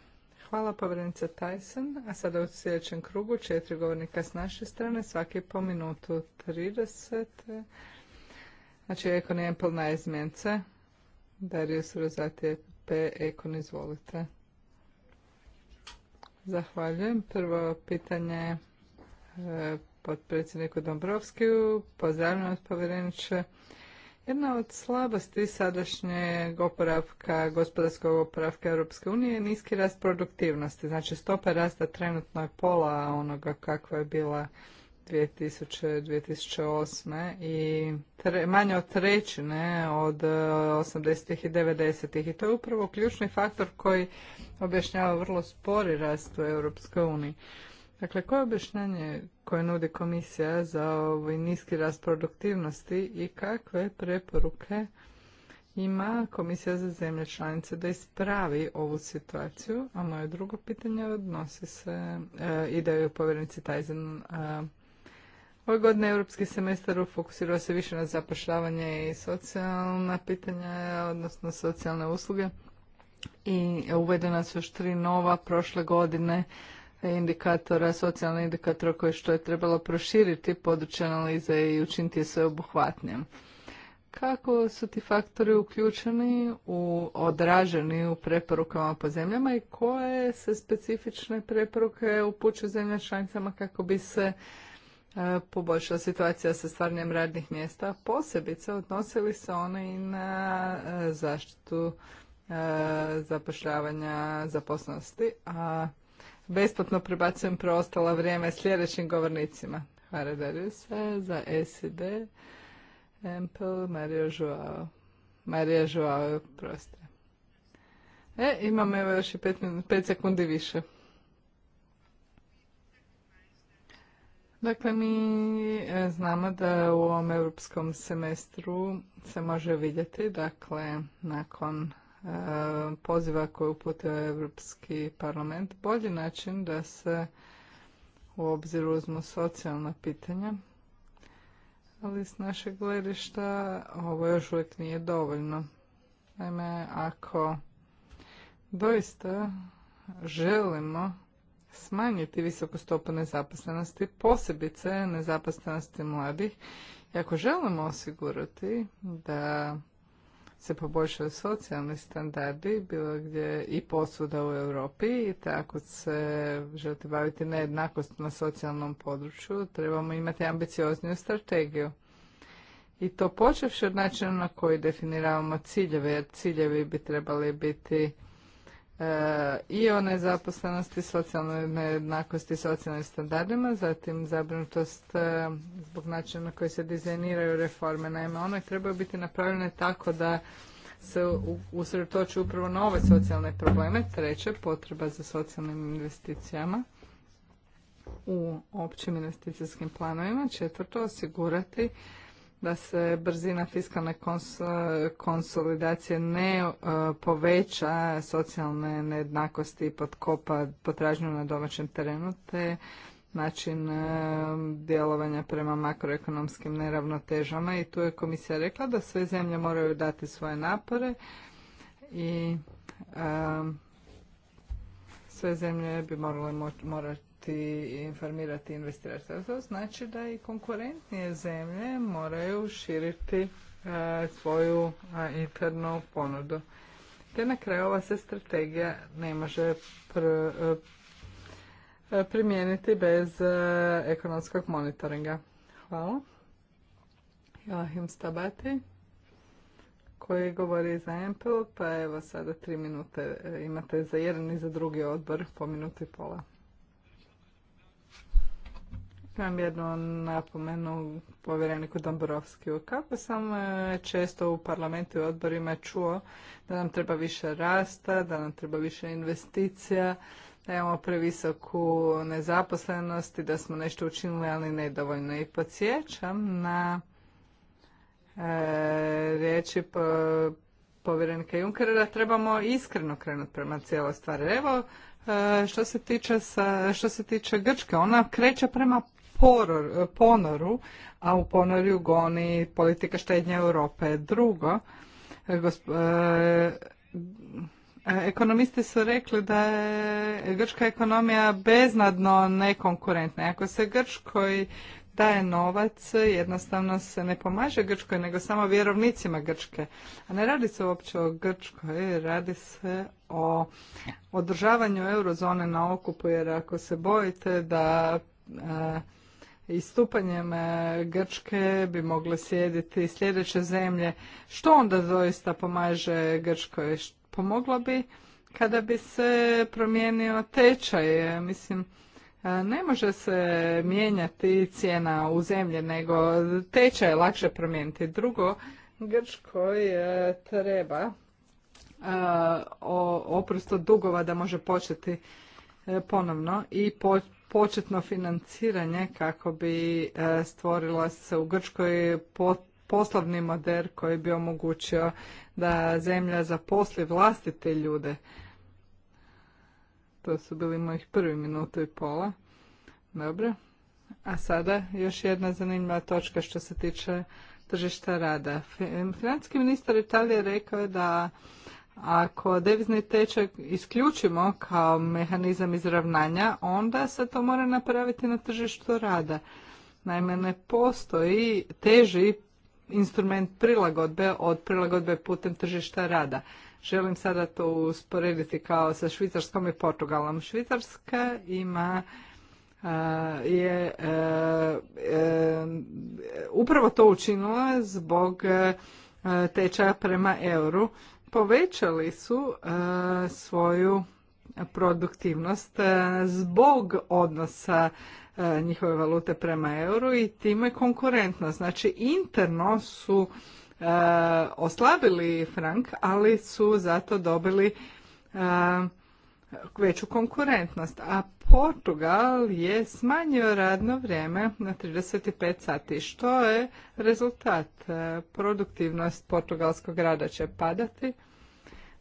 Hvala povjerenice Tyson. A sada u sljedećem krugu četiri govornika s naše strane, svaki po minutu 30. Znači, Ekon je pol na Darius Rozati, P. Ekon, izvolite. Zahvaljujem. Prvo pitanje e, potpredsjedniku Dombrovskiju. Pozdravljam od povjereniče. Jedna od slabosti sadašnjeg oporavka, gospodarskog oporavka Europske unije je niski rast produktivnosti. Znači stopa rasta trenutno je pola onoga kakva je bila 2000, 2008. i manje od trećine od 80. E, i 90. I to je upravo ključni faktor koji objašnjava vrlo spori rast u Europskoj uniji. Dakle, koje je objašnjenje koje nudi komisija za ovaj niski rast produktivnosti i kakve preporuke ima komisija za zemlje članice da ispravi ovu situaciju? A moje drugo pitanje odnosi se, e, je u povjerenici Tajzen, e, Ove godine europski semestar fokusirao se više na zapošljavanje i socijalna pitanja, odnosno socijalne usluge. I uvedena su još tri nova prošle godine indikatora, socijalnih indikatora koje što je trebalo proširiti područje analize i učiniti je sve Kako su ti faktori uključeni, u, odraženi u preporukama po zemljama i koje se specifične preporuke upućuju zemlja članicama kako bi se e, poboljšala situacija sa stvarnjem radnih mjesta, posebice odnosili se one i na e, zaštitu e, zapošljavanja zaposlenosti, a besplatno prebacujem preostalo vrijeme sljedećim govornicima. Hvala sve za SID, Empel, Marija Joao. Marija proste. E, imamo evo još i pet, pet sekundi više. Dakle, mi e, znamo da u ovom europskom semestru se može vidjeti, dakle, nakon poziva koje uputio Europski parlament bolji način da se u obzir uzmu socijalna pitanja, ali s našeg gledišta ovo još uvijek nije dovoljno. Naime, ako doista želimo smanjiti visoku stopu nezaposlenosti, posebice nezaposlenosti mladih, i ako želimo osigurati da se poboljšaju socijalni standardi bilo gdje i posuda u Europi i tako se želite baviti nejednakost na socijalnom području, trebamo imati ambiciozniju strategiju. I to počevši od načina na koji definiravamo ciljeve, jer ciljevi bi trebali biti E, i o nezaposlenosti, socijalnoj nejednakosti i socijalnim standardima, zatim zabrinutost e, zbog načina na koji se dizajniraju reforme. Naime, one trebaju biti napravljene tako da se usredotoči upravo na ove socijalne probleme. Treće, potreba za socijalnim investicijama u općim investicijskim planovima. Četvrto, osigurati da se brzina fiskalne konsolidacije ne e, poveća socijalne nejednakosti i podkopa potražnju na domaćem terenu, te način e, djelovanja prema makroekonomskim neravnotežama i tu je komisija rekla da sve zemlje moraju dati svoje napore i e, sve zemlje bi morale morat i informirati investirati, To znači da i konkurentnije zemlje moraju širiti e, svoju e, internu ponudu. Te na kraju ova se strategija ne može e, primijeniti bez ekonomskog monitoringa. Hvala. Joachim Stabati koji govori za MPL, pa evo sada tri minute imate za jedan i za drugi odbor po minuti i pola imam jednu napomenu povjereniku Domborovskiju. Kako sam e, često u parlamentu i odborima čuo da nam treba više rasta, da nam treba više investicija, da imamo previsoku nezaposlenost i da smo nešto učinili, ali nedovoljno. I podsjećam na e, riječi povjerenika Junkera da trebamo iskreno krenuti prema cijeloj stvari. Evo, e, što se tiče sa, što se tiče Grčke, ona kreće prema poror, ponoru, a u ponoru goni politika štednje Europe. Drugo, e, gosp e, e, Ekonomisti su rekli da je grčka ekonomija beznadno nekonkurentna. Ako se Grčkoj daje novac, jednostavno se ne pomaže Grčkoj, nego samo vjerovnicima Grčke. A ne radi se uopće o Grčkoj, radi se o održavanju eurozone na okupu, jer ako se bojite da istupanjem e, Grčke bi mogle sjediti sljedeće zemlje. Što onda doista pomaže Grčkoj? Pomoglo bi kada bi se promijenio tečaj. E, mislim, e, ne može se mijenjati cijena u zemlje nego tečaj je lakše promijeniti. Drugo, Grčkoj treba oprosto dugova da može početi ponovno i po, početno financiranje kako bi e, stvorila se u Grčkoj poslovni model koji bi omogućio da zemlja zaposli vlastite ljude. To su bili mojih prvi minuto i pola. Dobro. A sada još jedna zanimljiva točka što se tiče tržišta rada. Financijski ministar Italije rekao je da ako devizni tečaj isključimo kao mehanizam izravnanja, onda se to mora napraviti na tržištu rada. Naime, ne postoji teži instrument prilagodbe od prilagodbe putem tržišta rada. Želim sada to usporediti kao sa Švicarskom i Portugalom. Švicarska ima eh, je eh, eh, upravo to učinila zbog tečaja prema euru povećali su e, svoju produktivnost e, zbog odnosa e, njihove valute prema euru i time konkurentnost. Znači interno su oslabili frank, ali su zato dobili veću konkurentnost. A Portugal je smanjio radno vrijeme na 35 sati, što je rezultat. E, produktivnost portugalskog rada će padati,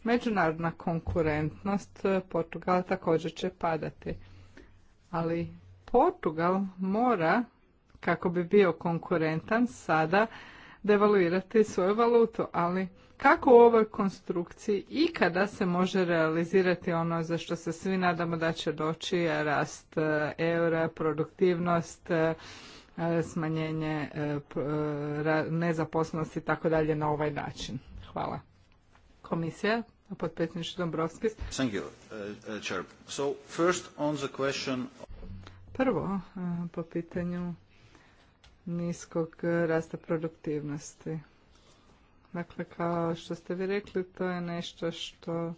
međunarodna konkurentnost e, Portugala također će padati. Ali Portugal mora, kako bi bio konkurentan, sada devaluirati svoju valutu, ali kako u ovoj konstrukciji kada se može realizirati ono za što se svi nadamo da će doći rast e, eura, produktivnost, e, e, smanjenje nezaposlenosti i tako dalje na ovaj način. Hvala. Komisija, potpredsjedniče Dombrovskis. Prvo, po pitanju niskog rasta produktivnosti. Dakle, kao što ste vi rekli, to je nešto što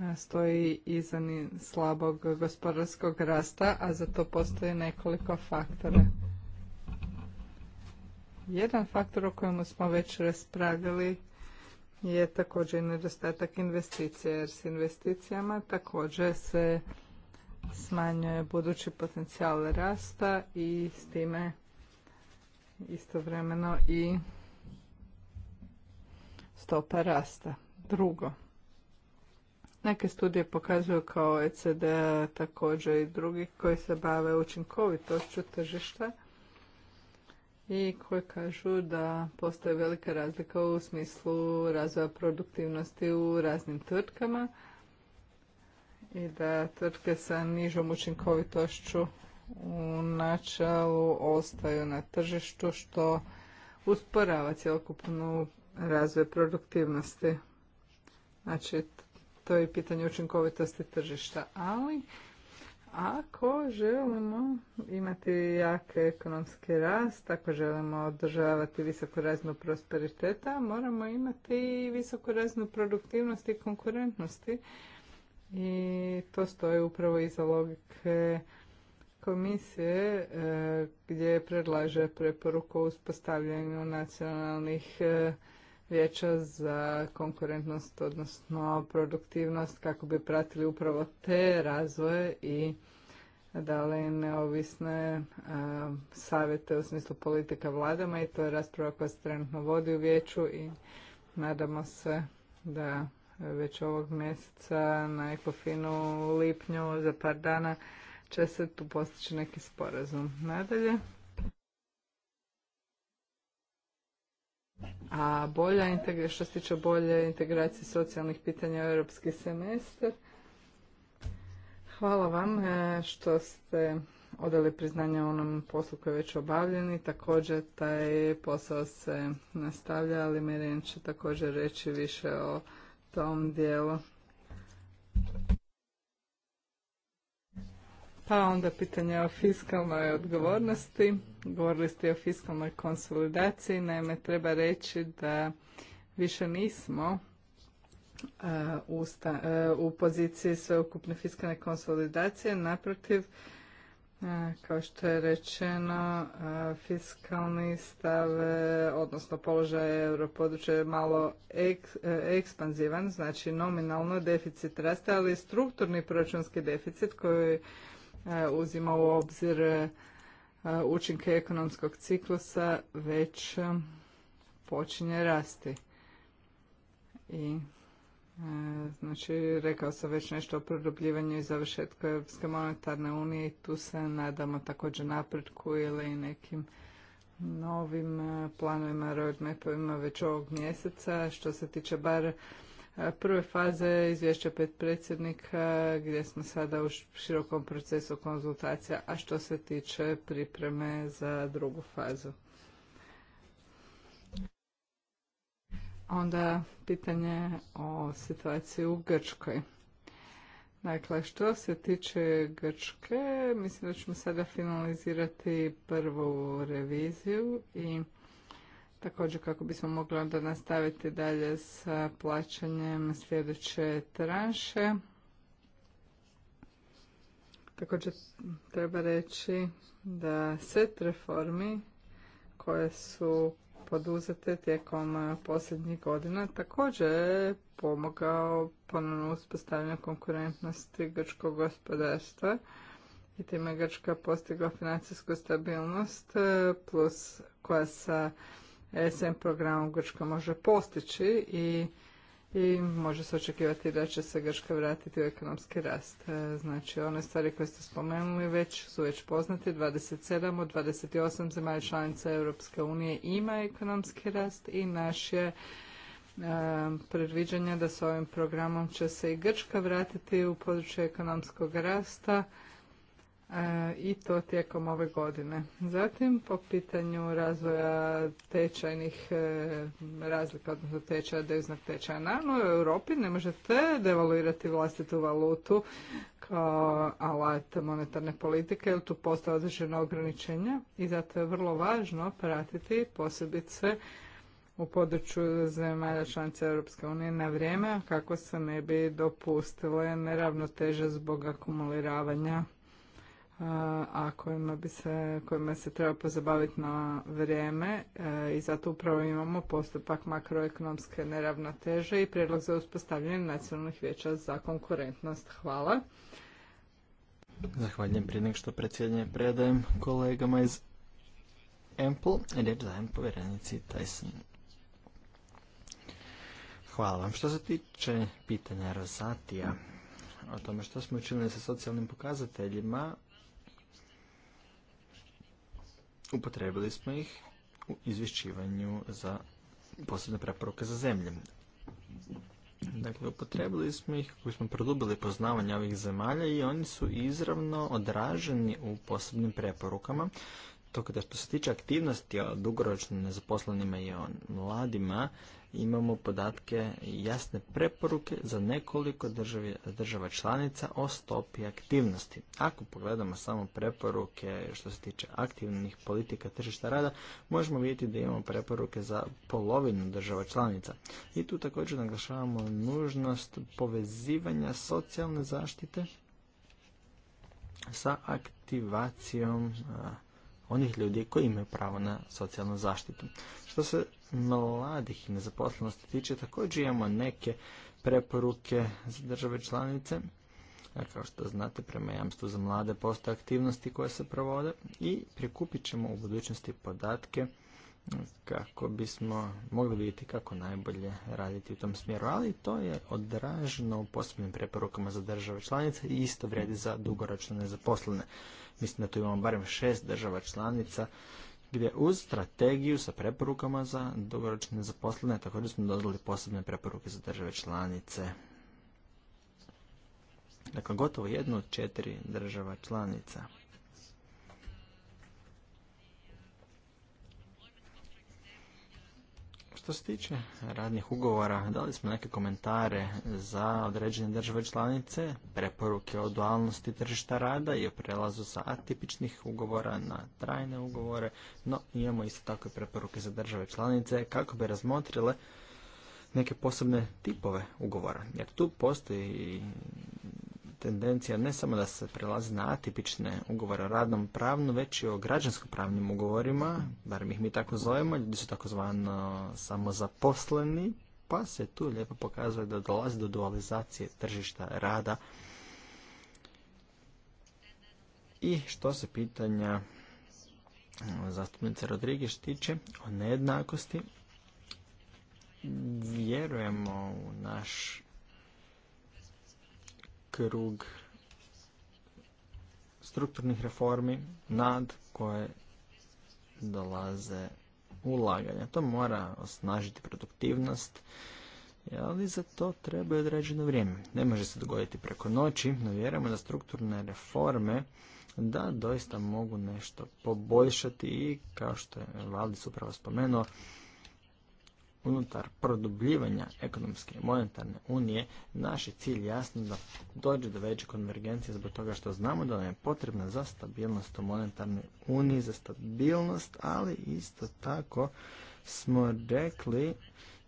e, stoji iza slabog gospodarskog rasta, a za to postoje nekoliko faktora. Jedan faktor o kojem smo već raspravljali je također nedostatak investicija, jer s investicijama također se smanjuje budući potencijal rasta i s time istovremeno i stopa rasta. Drugo, neke studije pokazuju kao ECD također i drugih koji se bave učinkovitošću tržišta i koji kažu da postoje velika razlika u smislu razvoja produktivnosti u raznim tvrtkama i da tvrtke sa nižom učinkovitošću u načelu ostaju na tržištu što usporava cjelokupnu razvoj produktivnosti. Znači, to je pitanje učinkovitosti tržišta, ali ako želimo imati jak ekonomski rast, ako želimo održavati visoku raznu prosperiteta, moramo imati i visoku raznu produktivnosti i konkurentnosti. I to stoji upravo iza logike komisije e, gdje predlaže preporuku uspostavljanju nacionalnih e, vijeća za konkurentnost, odnosno produktivnost, kako bi pratili upravo te razvoje i dali neovisne e, savjete u smislu politika vladama i to je rasprava koja se trenutno vodi u vijeću i nadamo se da već ovog mjeseca na Ekofinu u lipnju za par dana će se tu postići neki sporazum. Nadalje, A bolja što se tiče bolje integracije socijalnih pitanja u europski semestar, hvala vam e, što ste odali priznanje onom poslu koji je već obavljen i također taj posao se nastavlja, ali Mirjen će također reći više o tom dijelu. Pa onda pitanje o fiskalnoj odgovornosti. Govorili ste o fiskalnoj konsolidaciji. Naime, treba reći da više nismo e, e, u, poziciji sveukupne fiskalne konsolidacije. Naprotiv, e, kao što je rečeno, fiskalni stav, odnosno položaj europodručja je malo ekspanzivan, znači nominalno deficit raste, ali strukturni proračunski deficit koji E, uzima u obzir e, učinke ekonomskog ciklusa, već e, počinje rasti. I Znači, rekao sam već nešto o produbljivanju i završetku Europske monetarne unije i tu se nadamo također napretku ili nekim novim planovima, roadmapovima već ovog mjeseca. Što se tiče bar prve faze izvješća pet predsjednika gdje smo sada u širokom procesu konzultacija, a što se tiče pripreme za drugu fazu. Onda pitanje o situaciji u Grčkoj. Dakle, što se tiče Grčke, mislim da ćemo sada finalizirati prvu reviziju i Također kako bismo mogli onda nastaviti dalje sa plaćanjem sljedeće tranše. Također treba reći da set reformi koje su poduzete tijekom posljednjih godina također je pomogao ponovno uspostavljanju konkurentnosti grčkog gospodarstva i time Grčka postigla financijsku stabilnost plus koja sa SM programom Grčka može postići i, i može se očekivati da će se Grčka vratiti u ekonomski rast. E, znači, one stvari koje ste spomenuli već su već poznate. 27 od 28 zemalja članica Europske unije ima ekonomski rast i naš je e, predviđanja da s ovim programom će se i Grčka vratiti u područje ekonomskog rasta E, i to tijekom ove godine. Zatim po pitanju razvoja tečajnih e, razlika, odnosno tečaja, deviznog tečaja na u Europi ne možete devaluirati vlastitu valutu kao alat monetarne politike jer tu postoje određena ograničenja i zato je vrlo važno pratiti posebice u području zemalja članica Europske unije na vrijeme kako se ne bi dopustile neravnoteže zbog akumuliravanja a kojima, bi se, kojima se treba pozabaviti na vrijeme e, i zato upravo imamo postupak makroekonomske neravnoteže i prijedlog za uspostavljanje nacionalnih vijeća za konkurentnost. Hvala. Zahvaljujem prije što predsjedanje predajem kolegama iz Ample, riječ zajem povjerenici Tyson. Hvala vam. Što se tiče pitanja Rosatija o tome što smo učinili sa socijalnim pokazateljima, upotrebili smo ih u izvješćivanju za posebne preporuke za zemlje. Dakle, upotrebili smo ih koji smo produbili poznavanje ovih zemalja i oni su izravno odraženi u posebnim preporukama. To kada što se tiče aktivnosti o dugoročno nezaposlenima i o mladima, imamo podatke i jasne preporuke za nekoliko država članica o stopi aktivnosti. Ako pogledamo samo preporuke što se tiče aktivnih politika tržišta rada, možemo vidjeti da imamo preporuke za polovinu država članica. I tu također naglašavamo nužnost povezivanja socijalne zaštite sa aktivacijom onih ljudi koji imaju pravo na socijalnu zaštitu. Što se mladih i nezaposlenosti tiče, također imamo neke preporuke za države članice. kao što znate, prema jamstvu za mlade postoje aktivnosti koje se provode i prikupit ćemo u budućnosti podatke kako bismo mogli vidjeti kako najbolje raditi u tom smjeru. Ali to je odraženo u posebnim preporukama za države članice i isto vrijedi za dugoročno nezaposlene. Mislim da tu imamo barem šest država članica gdje uz strategiju sa preporukama za dugoročne zaposlene također smo dodali posebne preporuke za države članice. Dakle, gotovo jednu od četiri država članica. Što se tiče radnih ugovora, dali smo neke komentare za određene države članice, preporuke o dualnosti tržišta rada i o prelazu sa atipičnih ugovora na trajne ugovore, no imamo isto tako i preporuke za države članice kako bi razmotrile neke posebne tipove ugovora. Jer tu postoji tendencija ne samo da se prelazi na atipične ugovore o radnom pravnu, već i o građansko-pravnim ugovorima, mi ih mi tako zovemo, ljudi su takozvano samozaposleni, pa se tu lijepo pokazuje da dolazi do dualizacije tržišta rada i što se pitanja mm, zastupnice Rodrigiš tiče o nejednakosti, vjerujemo u naš krug strukturnih reformi nad koje dolaze ulaganja. To mora osnažiti produktivnost, ali za to treba određeno vrijeme. Ne može se dogoditi preko noći, no vjerujemo da strukturne reforme da doista mogu nešto poboljšati i kao što je Valdis upravo spomenuo, unutar produbljivanja ekonomske i monetarne unije, naš je cilj jasno da dođe do veće konvergencije zbog toga što znamo da nam je potrebna za stabilnost u monetarnoj uniji, za stabilnost, ali isto tako smo rekli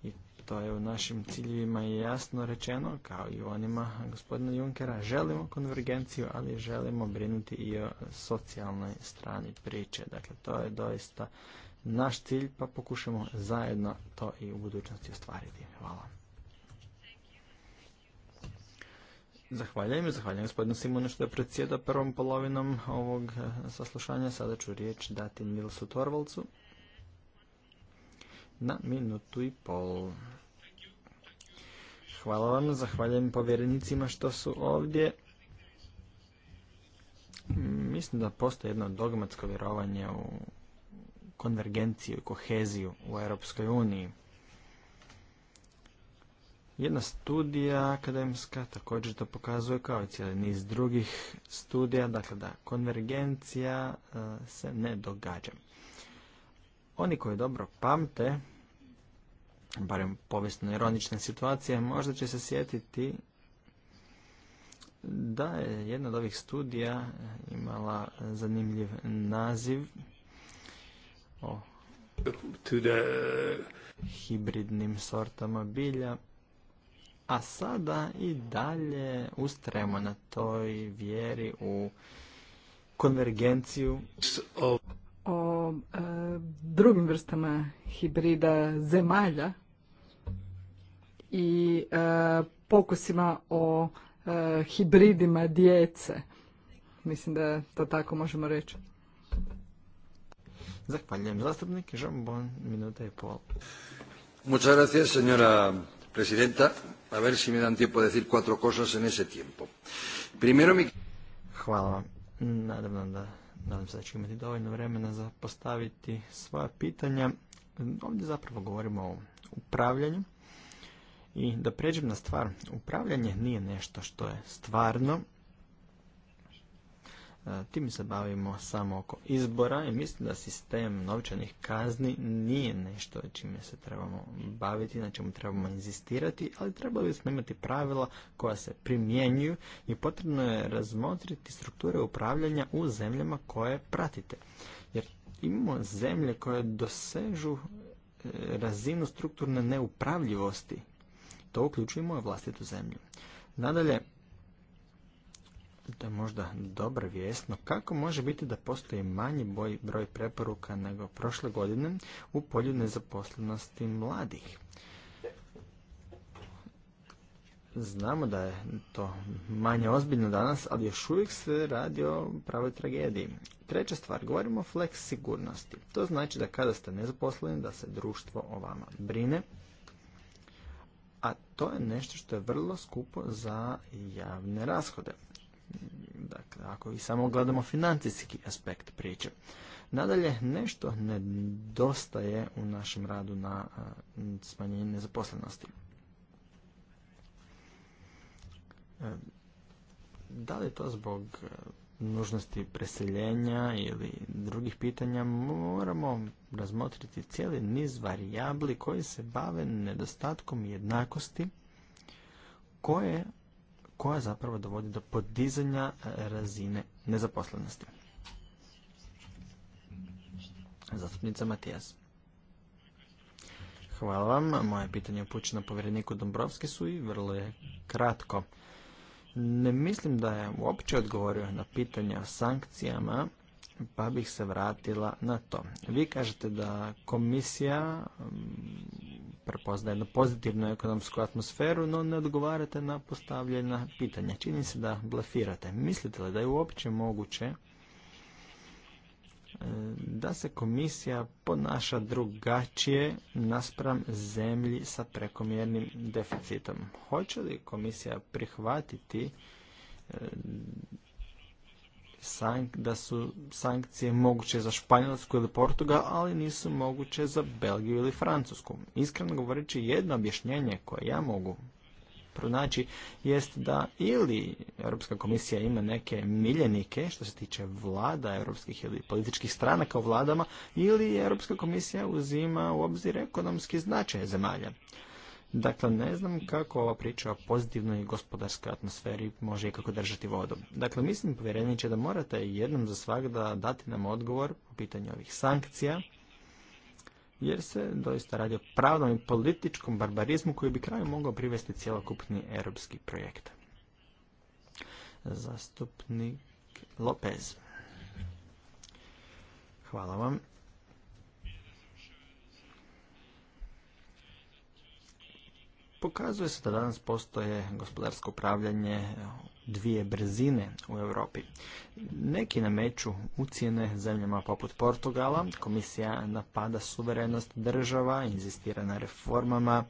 i to je u našim ciljevima jasno rečeno, kao i u onima gospodina Junkera, želimo konvergenciju, ali želimo brinuti i o socijalnoj strani priče. Dakle, to je doista naš cilj, pa pokušamo zajedno to i u budućnosti ostvariti. Hvala. Zahvaljujem i zahvaljujem gospodinu Simonu što je predsjeda prvom polovinom ovog eh, saslušanja. Sada ću riječ dati Nilsu Torvalcu na minutu i pol. Hvala vam, zahvaljujem povjerenicima što su ovdje. Mislim da postoji jedno dogmatsko vjerovanje u konvergenciju i koheziju u Europskoj uniji. Jedna studija akademska također to pokazuje kao i cijeli niz drugih studija, dakle da konvergencija e, se ne događa. Oni koji dobro pamte, barem povijesno ironične situacije, možda će se sjetiti da je jedna od ovih studija imala zanimljiv naziv o hibridnim sortama bilja. A sada i dalje ustremo na toj vjeri u konvergenciju o e, drugim vrstama hibrida zemalja i e, pokusima o e, hibridima djece. Mislim da to tako možemo reći. Zahvaljujem zastupnik Žambon, minuta i pol. Muchas gracias, señora presidenta. A ver si me dan tiempo de decir cuatro cosas en ese tiempo. Primero mi... Hvala vam. Nadam, da, nadam se da ću imati dovoljno vremena za postaviti sva pitanja. Ovdje zapravo govorimo o upravljanju. I da pređem na stvar, upravljanje nije nešto što je stvarno, E, Tim se bavimo samo oko izbora i mislim da sistem novčanih kazni nije nešto čime se trebamo baviti, na čemu trebamo inzistirati, ali trebali smo imati pravila koja se primjenjuju i potrebno je razmotriti strukture upravljanja u zemljama koje pratite. Jer imamo zemlje koje dosežu e, razinu strukturne neupravljivosti. To uključujemo vlastitu zemlju. Nadalje, to je možda dobra vijest, no kako može biti da postoji manji broj preporuka nego prošle godine u polju nezaposlenosti mladih? Znamo da je to manje ozbiljno danas, ali još uvijek se radi o pravoj tragediji. Treća stvar, govorimo o fleks sigurnosti. To znači da kada ste nezaposleni, da se društvo o vama brine, a to je nešto što je vrlo skupo za javne rashode. Dakle, ako i samo gledamo financijski aspekt priče. Nadalje, nešto nedostaje u našem radu na eh, smanjenje nezaposlenosti. Eh, da li to zbog eh, nužnosti preseljenja ili drugih pitanja moramo razmotriti cijeli niz varijabli koji se bave nedostatkom jednakosti koje koja zapravo dovodi do podizanja e, razine nezaposlenosti. Zastupnica Matijas. Hvala vam. Moje pitanje je upućeno povjereniku su i vrlo je kratko. Ne mislim da je uopće odgovorio na pitanje o sankcijama, pa bih se vratila na to. Vi kažete da komisija prepozna jednu pozitivnu ekonomsku atmosferu, no ne odgovarate na postavljena pitanja. Čini se da blafirate. Mislite li da je uopće moguće e, da se komisija ponaša drugačije naspram zemlji sa prekomjernim deficitom. Hoće li komisija prihvatiti e, da su sankcije moguće za Španjolsku ili Portugal, ali nisu moguće za Belgiju ili Francusku. Iskreno govoreći, jedno objašnjenje koje ja mogu pronaći jest da ili Europska komisija ima neke miljenike što se tiče vlada europskih ili političkih stranaka u vladama ili Europska komisija uzima u obzir ekonomski značaj zemalja. Dakle, ne znam kako ova priča o pozitivnoj gospodarskoj atmosferi može ikako držati vodu. Dakle, mislim, povjereniče, da morate jednom za da dati nam odgovor po pitanju ovih sankcija, jer se doista radi o pravnom i političkom barbarizmu koji bi kraju mogao privesti cjelokupni europski projekt. Zastupnik Lopez. Hvala vam. Pokazuje se da danas postoje gospodarsko upravljanje dvije brzine u Europi. Neki nameću ucijene zemljama poput Portugala, komisija napada suverenost država, inzistira na reformama,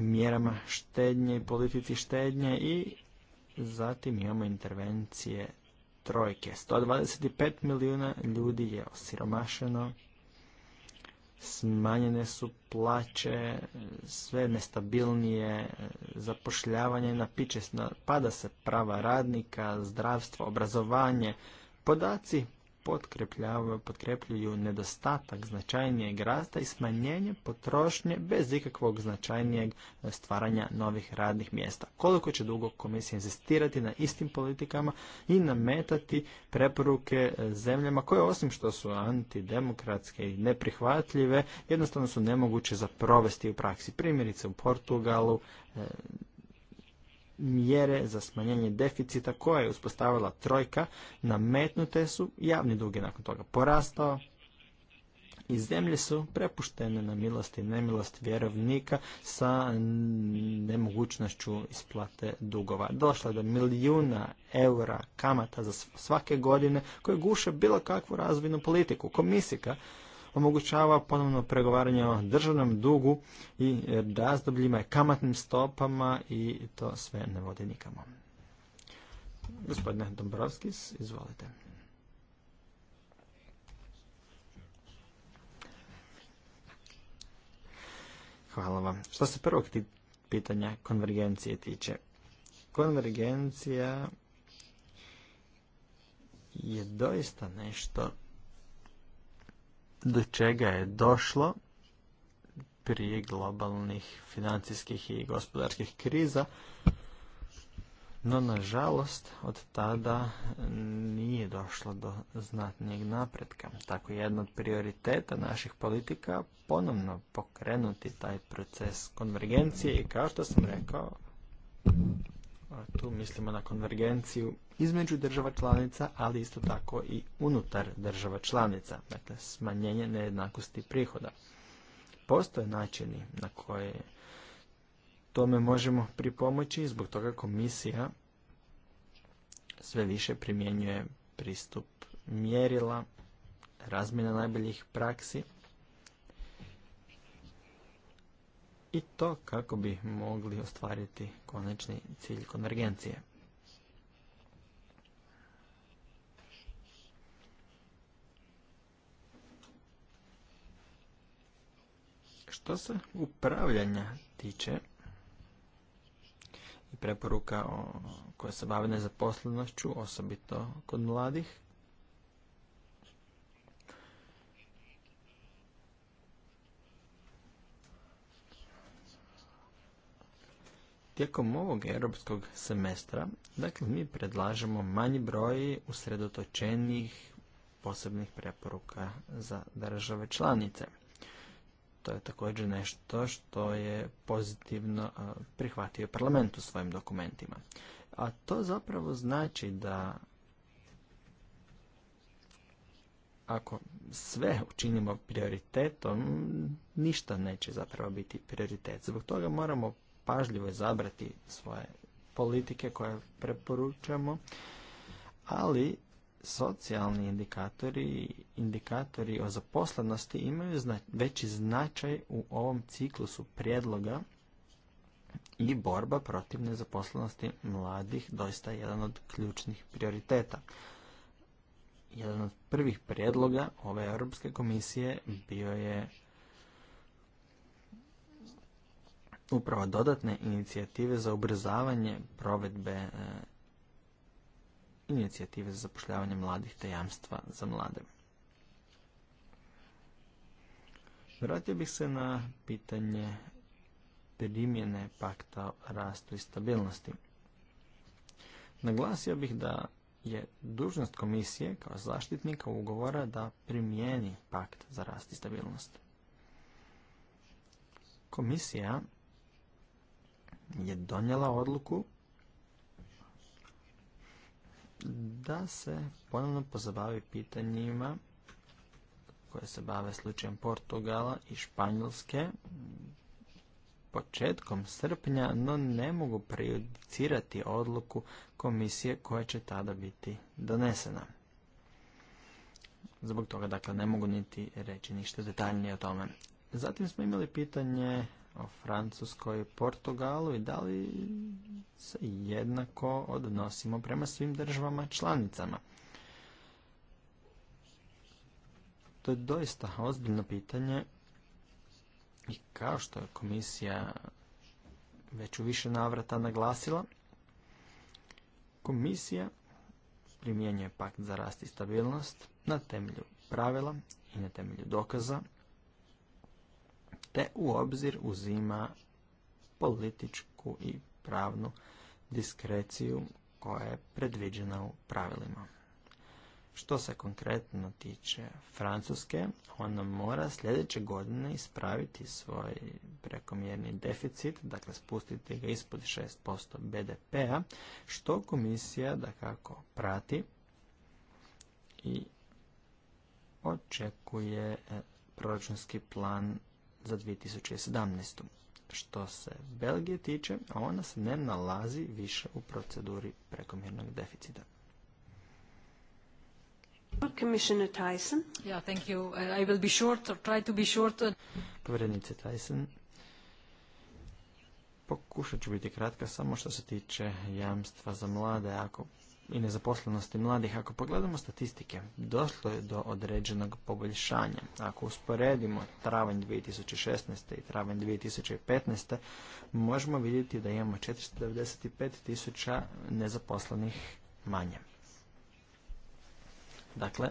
mjerama štednje politici štednje i zatim imamo intervencije trojke. 125 milijuna ljudi je osiromašeno, smanjene su plaće, sve nestabilnije e, zapošljavanje na piče, pada se prava radnika, zdravstvo, obrazovanje. Podaci potkrepljuju nedostatak značajnijeg rasta i smanjenje potrošnje bez ikakvog značajnijeg e, stvaranja novih radnih mjesta. Koliko će dugo komisija insistirati na istim politikama i nametati preporuke e, zemljama koje osim što su antidemokratske i neprihvatljive, jednostavno su nemoguće za provesti u praksi. Primjerice u Portugalu e, mjere za smanjenje deficita koje je uspostavila trojka nametnute su, javni dug nakon toga porastao i zemlje su prepuštene na milost i nemilost vjerovnika sa nemogućnošću isplate dugova. Došla je do milijuna eura kamata za svake godine koje guše bilo kakvu razvojnu politiku. Komisika omogućava ponovno pregovaranje o državnom dugu i razdobljima i kamatnim stopama i to sve ne vodi nikamo. Gospodine Dombrovskis, izvolite. Hvala vam. Što se prvog pitanja konvergencije tiče? Konvergencija je doista nešto do čega je došlo prije globalnih financijskih i gospodarskih kriza, no nažalost od tada nije došlo do znatnijeg napretka. Tako jedan od prioriteta naših politika ponovno pokrenuti taj proces konvergencije i kao što sam rekao, tu mislimo na konvergenciju između država članica, ali isto tako i unutar država članica, dakle smanjenje nejednakosti prihoda. Postoje načini na koje tome možemo pripomoći zbog toga komisija sve više primjenjuje pristup mjerila, razmjena najboljih praksi i to kako bi mogli ostvariti konačni cilj konvergencije. Što se upravljanja tiče i preporuka o, koje se bave nezaposlenošću, osobito kod mladih, Tijekom ovog europskog semestra, dakle, mi predlažemo manji broj usredotočenih posebnih preporuka za države članice je također nešto što je pozitivno prihvatio parlament u svojim dokumentima. A to zapravo znači da ako sve učinimo prioritetom, ništa neće zapravo biti prioritet. Zbog toga moramo pažljivo izabrati svoje politike koje preporučamo, ali socijalni indikatori indikatori o zaposlenosti imaju veći značaj u ovom ciklusu prijedloga i borba protiv nezaposlenosti mladih doista jedan od ključnih prioriteta. Jedan od prvih prijedloga ove Europske komisije bio je upravo dodatne inicijative za ubrzavanje provedbe e, inicijative za zapošljavanje mladih te jamstva za mlade. Vratio bih se na pitanje primjene pakta rastu i stabilnosti. Naglasio bih da je dužnost komisije kao zaštitnika ugovora da primijeni pakt za rast i stabilnost. Komisija je donijela odluku da se ponovno pozabavi pitanjima koje se bave slučajem Portugala i Španjolske početkom srpnja, no ne mogu prejudicirati odluku komisije koja će tada biti donesena. Zbog toga dakle ne mogu niti reći ništa detaljnije o tome. Zatim smo imali pitanje o Francuskoj i Portugalu i da li se jednako odnosimo prema svim državama članicama. To je doista ozbiljno pitanje i kao što je komisija već u više navrata naglasila, komisija primjenjuje pakt za rast i stabilnost na temelju pravila i na temelju dokaza te u obzir uzima političku i pravnu diskreciju koja je predviđena u pravilima. Što se konkretno tiče Francuske, ona mora sljedeće godine ispraviti svoj prekomjerni deficit, dakle spustiti ga ispod 6% BDP-a, što komisija da kako prati i očekuje proračunski plan za 2017. Što se Belgije tiče, ona se ne nalazi više u proceduri prekomjernog deficita. Commissioner Tyson. Yeah, thank you. I will be short try to be short. Povrednice Tyson. Pokušat ću biti kratka samo što se tiče jamstva za mlade. Ako i nezaposlenosti mladih, ako pogledamo statistike, došlo je do određenog poboljšanja. Ako usporedimo travanj 2016. i travanj 2015. možemo vidjeti da imamo 495 tisuća nezaposlenih manje. Dakle,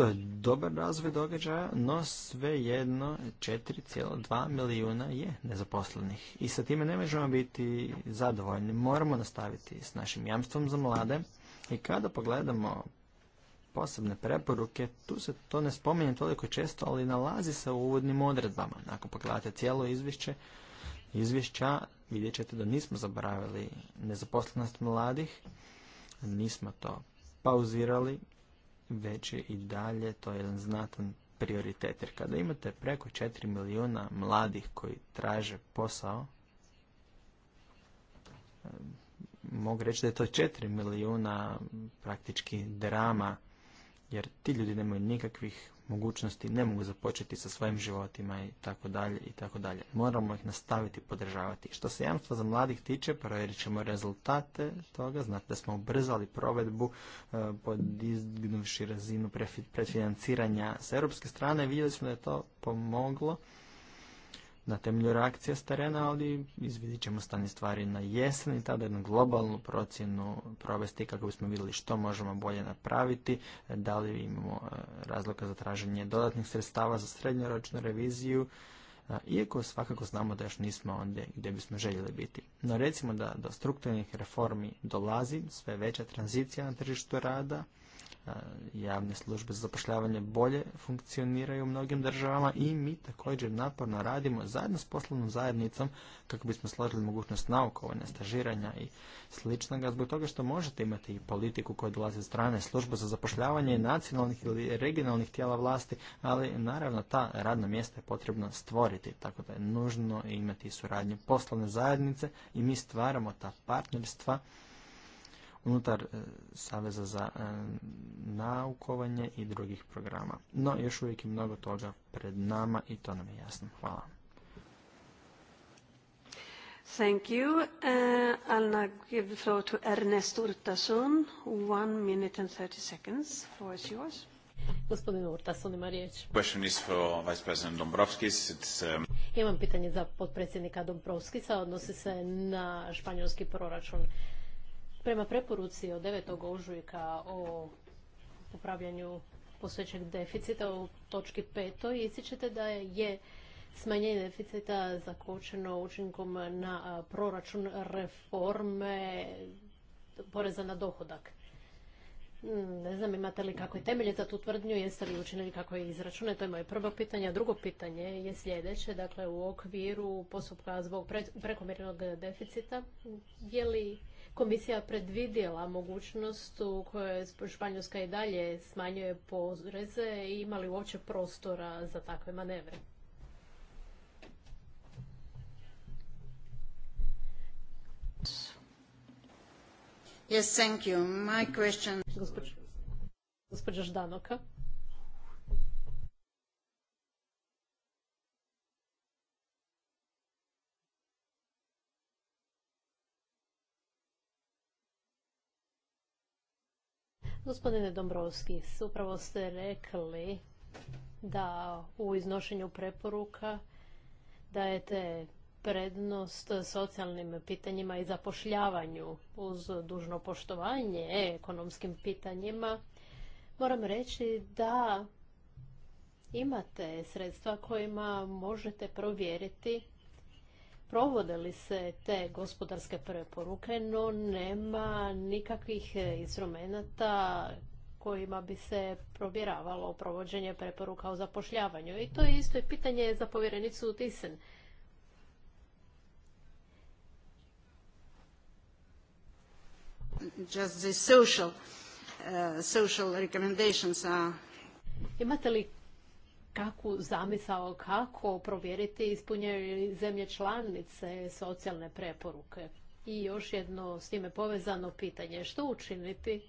to je dobar razvoj događaja, no svejedno 4,2 milijuna je nezaposlenih. I sa time ne možemo biti zadovoljni. Moramo nastaviti s našim jamstvom za mlade. I kada pogledamo posebne preporuke, tu se to ne spominje toliko često, ali nalazi se u uvodnim odredbama. Ako pogledate cijelo izvješće, izvješća, vidjet ćete da nismo zaboravili nezaposlenost mladih, nismo to pauzirali, već je i dalje to je jedan znatan prioritet. Jer kada imate preko 4 milijuna mladih koji traže posao, mogu reći da je to 4 milijuna praktički drama jer ti ljudi nemaju nikakvih mogućnosti, ne mogu započeti sa svojim životima i tako dalje i tako dalje. Moramo ih nastaviti podržavati. Što se jamstva za mladih tiče, provjerit ćemo rezultate toga. Znate da smo ubrzali provedbu pod e, podizgnuvši razinu prefinanciranja s europske strane. Vidjeli smo da je to pomoglo na temelju reakcija s terena, ali izvidit ćemo stanje stvari na jesen i tada jednu globalnu procjenu provesti kako bismo vidjeli što možemo bolje napraviti, da li imamo e, razloga za traženje dodatnih sredstava za srednjoročnu reviziju, e, iako svakako znamo da još nismo ondje gdje bismo željeli biti. No recimo da do strukturnih reformi dolazi sve veća tranzicija na tržištu rada, javne službe za zapošljavanje bolje funkcioniraju u mnogim državama i mi također naporno radimo zajedno s poslovnom zajednicom kako bismo složili mogućnost naukovanja, stažiranja i sličnoga zbog toga što možete imati i politiku koja dolazi od strane službe za zapošljavanje nacionalnih ili regionalnih tijela vlasti, ali naravno ta radna mjesta je potrebno stvoriti, tako da je nužno imati suradnju poslovne zajednice i mi stvaramo ta partnerstva unutar e, Saveza za e, naukovanje i drugih programa. No, još uvijek je mnogo toga pred nama i to nam je jasno. Hvala. Thank you. Uh, I'll now give the floor to Ernest Urtasun. One minute and 30 seconds. Floor is yours. Gospodin Urtasun ima riječ. Question is for Vice President Dombrovskis. It's, um... Imam pitanje za potpredsjednika Dombrovskisa. Odnosi se na španjolski proračun. Prema preporuci od 9. ožujka o upravljanju postojećeg deficita u točki 5. ističete da je smanjenje deficita zakočeno učinkom na proračun reforme poreza na dohodak. Hmm, ne znam imate li kako je temelje za tu tvrdnju, jeste li učinili kako je izračune, to je moje prvo pitanje. drugo pitanje je sljedeće, dakle u okviru postupka zbog prekomjernog deficita, je li komisija predvidjela mogućnost u kojoj Španjolska i dalje smanjuje poreze i imali uopće prostora za takve manevre? Yes, thank you. My question... Gospođa Ždanoka. Gospodine Dombrovski, upravo ste rekli da u iznošenju preporuka dajete prednost socijalnim pitanjima i zapošljavanju uz dužno poštovanje ekonomskim pitanjima. Moram reći da imate sredstva kojima možete provjeriti provode li se te gospodarske preporuke, no nema nikakvih e, instrumenata kojima bi se provjeravalo provođenje preporuka o zapošljavanju. I to je isto i pitanje za povjerenicu Tisen. Just e, recommendations Imate li kakvu zamisao kako provjeriti ispunjaju li zemlje članice socijalne preporuke. I još jedno s time povezano pitanje, što učiniti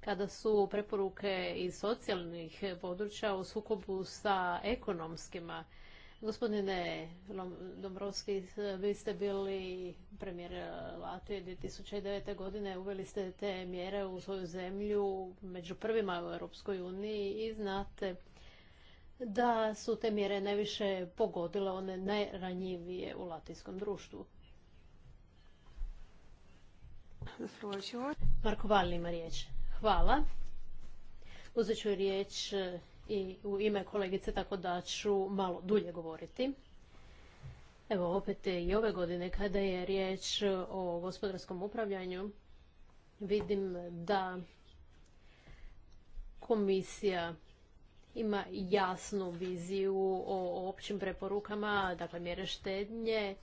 kada su preporuke iz socijalnih područja u sukobu sa ekonomskima? Gospodine Dombrovski, vi ste bili premijer Latvije 2009. godine, uveli ste te mjere u svoju zemlju među prvima u Europskoj uniji i znate da su te mjere najviše pogodile one najranjivije u latvijskom društvu. Marko ima riječ. Hvala. Uzet ću riječ i u ime kolegice, tako da ću malo dulje govoriti. Evo opet i ove godine kada je riječ o gospodarskom upravljanju, vidim da komisija ima jasnu viziju o općim preporukama, dakle mjere štednje,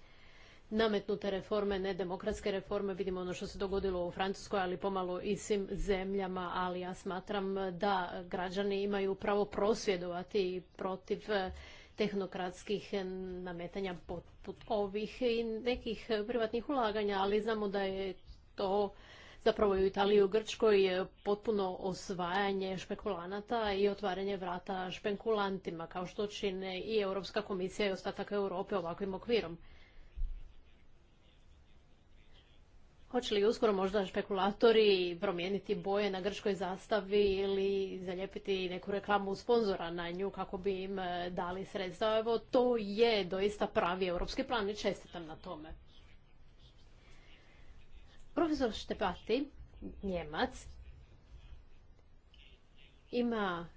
nametnute reforme, nedemokratske reforme. Vidimo ono što se dogodilo u Francuskoj, ali pomalo i svim zemljama, ali ja smatram da građani imaju pravo prosvjedovati protiv eh, tehnokratskih eh, nametanja poput ovih i nekih privatnih ulaganja, ali znamo da je to zapravo i u Italiji i u Grčkoj eh, potpuno osvajanje špekulanata i otvaranje vrata špekulantima, kao što čine i Europska komisija i ostatak Europe ovakvim okvirom. Hoće li uskoro možda špekulatori promijeniti boje na grčkoj zastavi ili zalijepiti neku reklamu sponzora na nju kako bi im e, dali sredstva? Evo, to je doista pravi europski plan i čestitam na tome. Profesor Štepati, Njemac, ima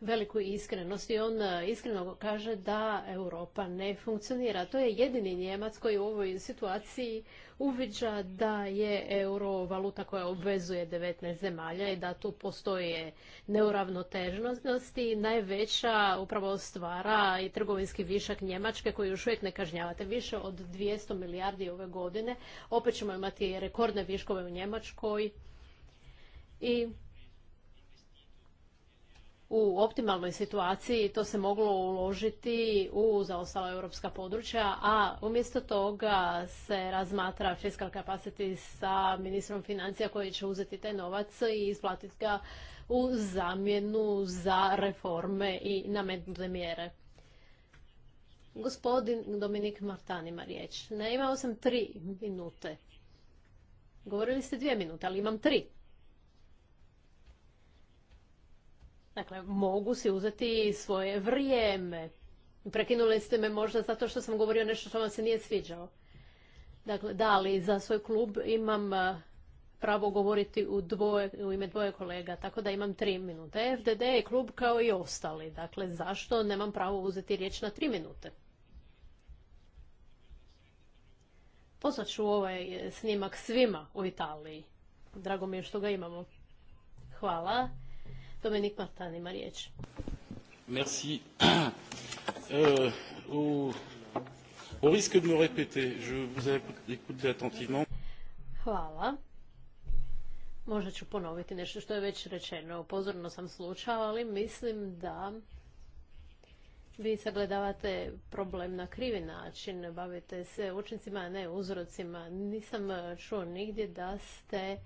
veliku iskrenost i on e, iskreno kaže da Europa ne funkcionira. To je jedini Njemac koji u ovoj situaciji uviđa da je euro valuta koja obvezuje 19 zemalja i da tu postoje neuravnotežnosti. Najveća upravo stvara i trgovinski višak Njemačke koji još uvijek ne kažnjavate. Više od 200 milijardi ove godine. Opet ćemo imati rekordne viškove u Njemačkoj i u optimalnoj situaciji to se moglo uložiti u zaostala europska područja, a umjesto toga se razmatra fiskal kapaciti sa ministrom financija koji će uzeti taj novac i isplatiti ga u zamjenu za reforme i nametnute mjere. Gospodin Dominik Martan ima riječ. Ne, imao sam tri minute. Govorili ste dvije minute, ali imam tri. Dakle, mogu si uzeti svoje vrijeme. Prekinuli ste me možda zato što sam govorio nešto što vam se nije sviđalo. Dakle, da li za svoj klub imam eh, pravo govoriti u, dvoje, u ime dvoje kolega, tako da imam tri minute. FDD je klub kao i ostali, dakle zašto nemam pravo uzeti riječ na tri minute? Poslat ću ovaj eh, snimak svima u Italiji. Drago mi je što ga imamo. Hvala. Dominik Martan ima riječ. Merci. Euh, au risque de me répéter, je vous attentivement. Hvala. Možda ću ponoviti nešto što je već rečeno. Pozorno sam slučao, ali mislim da vi sagledavate problem na krivi način. Bavite se učincima, a ne uzrocima. Nisam čuo nigdje da ste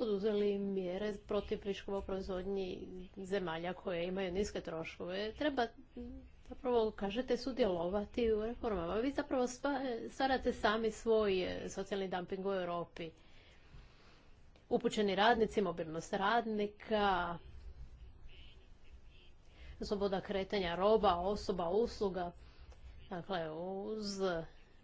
poduzeli mjere protiv priškova proizvodnji zemalja koje imaju niske troškove. Treba zapravo, kažete, sudjelovati u reformama. Vi zapravo stvarate sami svoj e, socijalni dumping u Europi. Upućeni radnici, mobilnost radnika, sloboda kretanja roba, osoba, usluga. Dakle, uz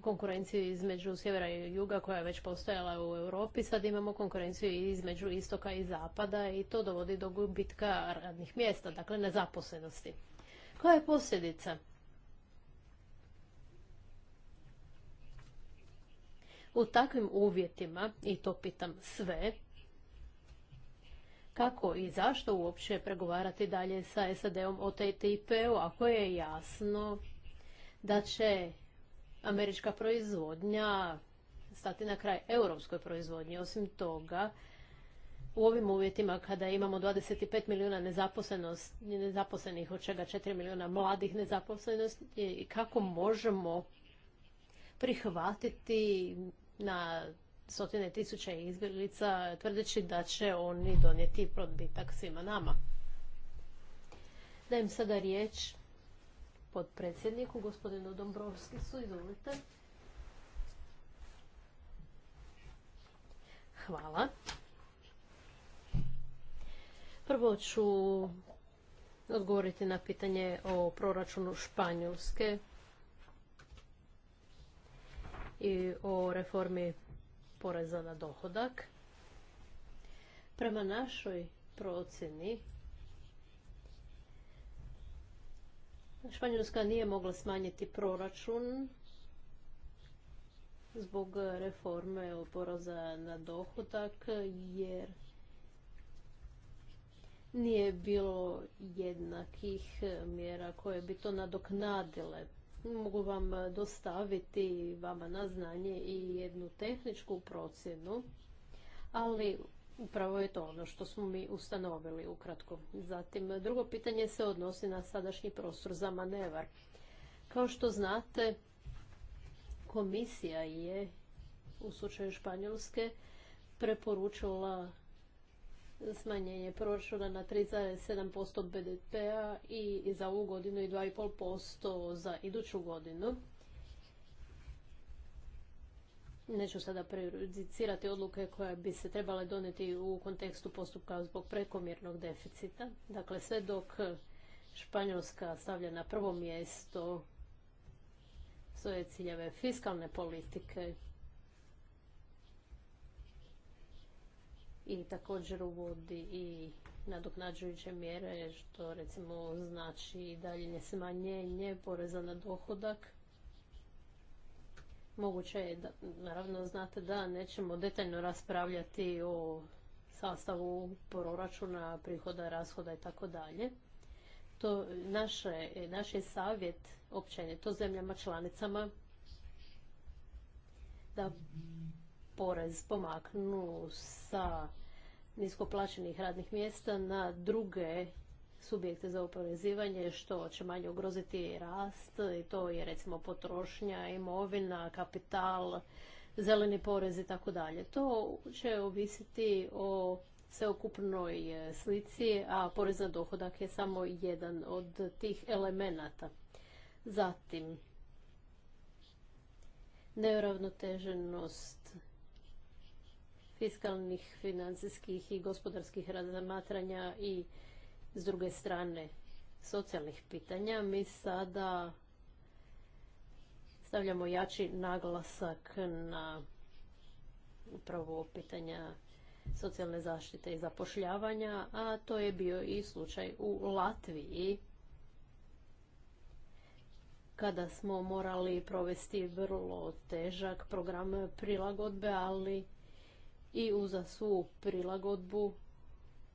konkurenciju između sjevera i juga koja je već postojala u Europi, sad imamo konkurenciju između istoka i zapada i to dovodi do gubitka radnih mjesta, dakle nezaposlenosti. Koja je posljedica? U takvim uvjetima, i to pitam sve, kako i zašto uopće pregovarati dalje sa SAD-om o TTIP-u, ako je jasno da će američka proizvodnja stati na kraj europskoj proizvodnji. Osim toga, u ovim uvjetima kada imamo 25 milijuna nezaposlenih, od čega 4 milijuna mladih nezaposlenosti, kako možemo prihvatiti na stotine tisuća izbjeglica tvrdeći da će oni donijeti probitak svima nama. Dajem sada riječ podpredsjedniku, gospodinu Dombrovskisu, izvolite. Hvala. Prvo ću odgovoriti na pitanje o proračunu Španjolske i o reformi poreza na dohodak. Prema našoj procjeni Španjolska nije mogla smanjiti proračun zbog reforme oporoza na dohodak jer nije bilo jednakih mjera koje bi to nadoknadile. Mogu vam dostaviti vama na znanje i jednu tehničku procjenu, ali Upravo je to ono što smo mi ustanovili ukratko. Zatim, drugo pitanje se odnosi na sadašnji prostor za manevar. Kao što znate, komisija je u slučaju Španjolske preporučila smanjenje proračuna na 3,7% BDP-a i za ovu godinu i 2,5% za iduću godinu. Neću sada prejudicirati odluke koje bi se trebale doneti u kontekstu postupka zbog prekomjernog deficita. Dakle, sve dok Španjolska stavlja na prvo mjesto svoje ciljeve fiskalne politike i također uvodi i nadoknađujuće mjere, što recimo znači daljnje smanjenje poreza na dohodak Moguće je da, naravno, znate da nećemo detaljno raspravljati o sastavu proračuna, prihoda, rashoda i tako dalje. To naše, naš je savjet općenito zemljama članicama da porez pomaknu sa niskoplaćenih radnih mjesta na druge subjekte za oporezivanje što će manje ugroziti rast i to je recimo potrošnja, imovina, kapital, zeleni porez i tako dalje. To će ovisiti o sveukupnoj e, slici, a porez na dohodak je samo jedan od tih elemenata. Zatim, neuravnoteženost fiskalnih, financijskih i gospodarskih razmatranja i s druge strane socijalnih pitanja, mi sada stavljamo jači naglasak na upravo pitanja socijalne zaštite i zapošljavanja, a to je bio i slučaj u Latviji kada smo morali provesti vrlo težak program prilagodbe, ali i uza svu prilagodbu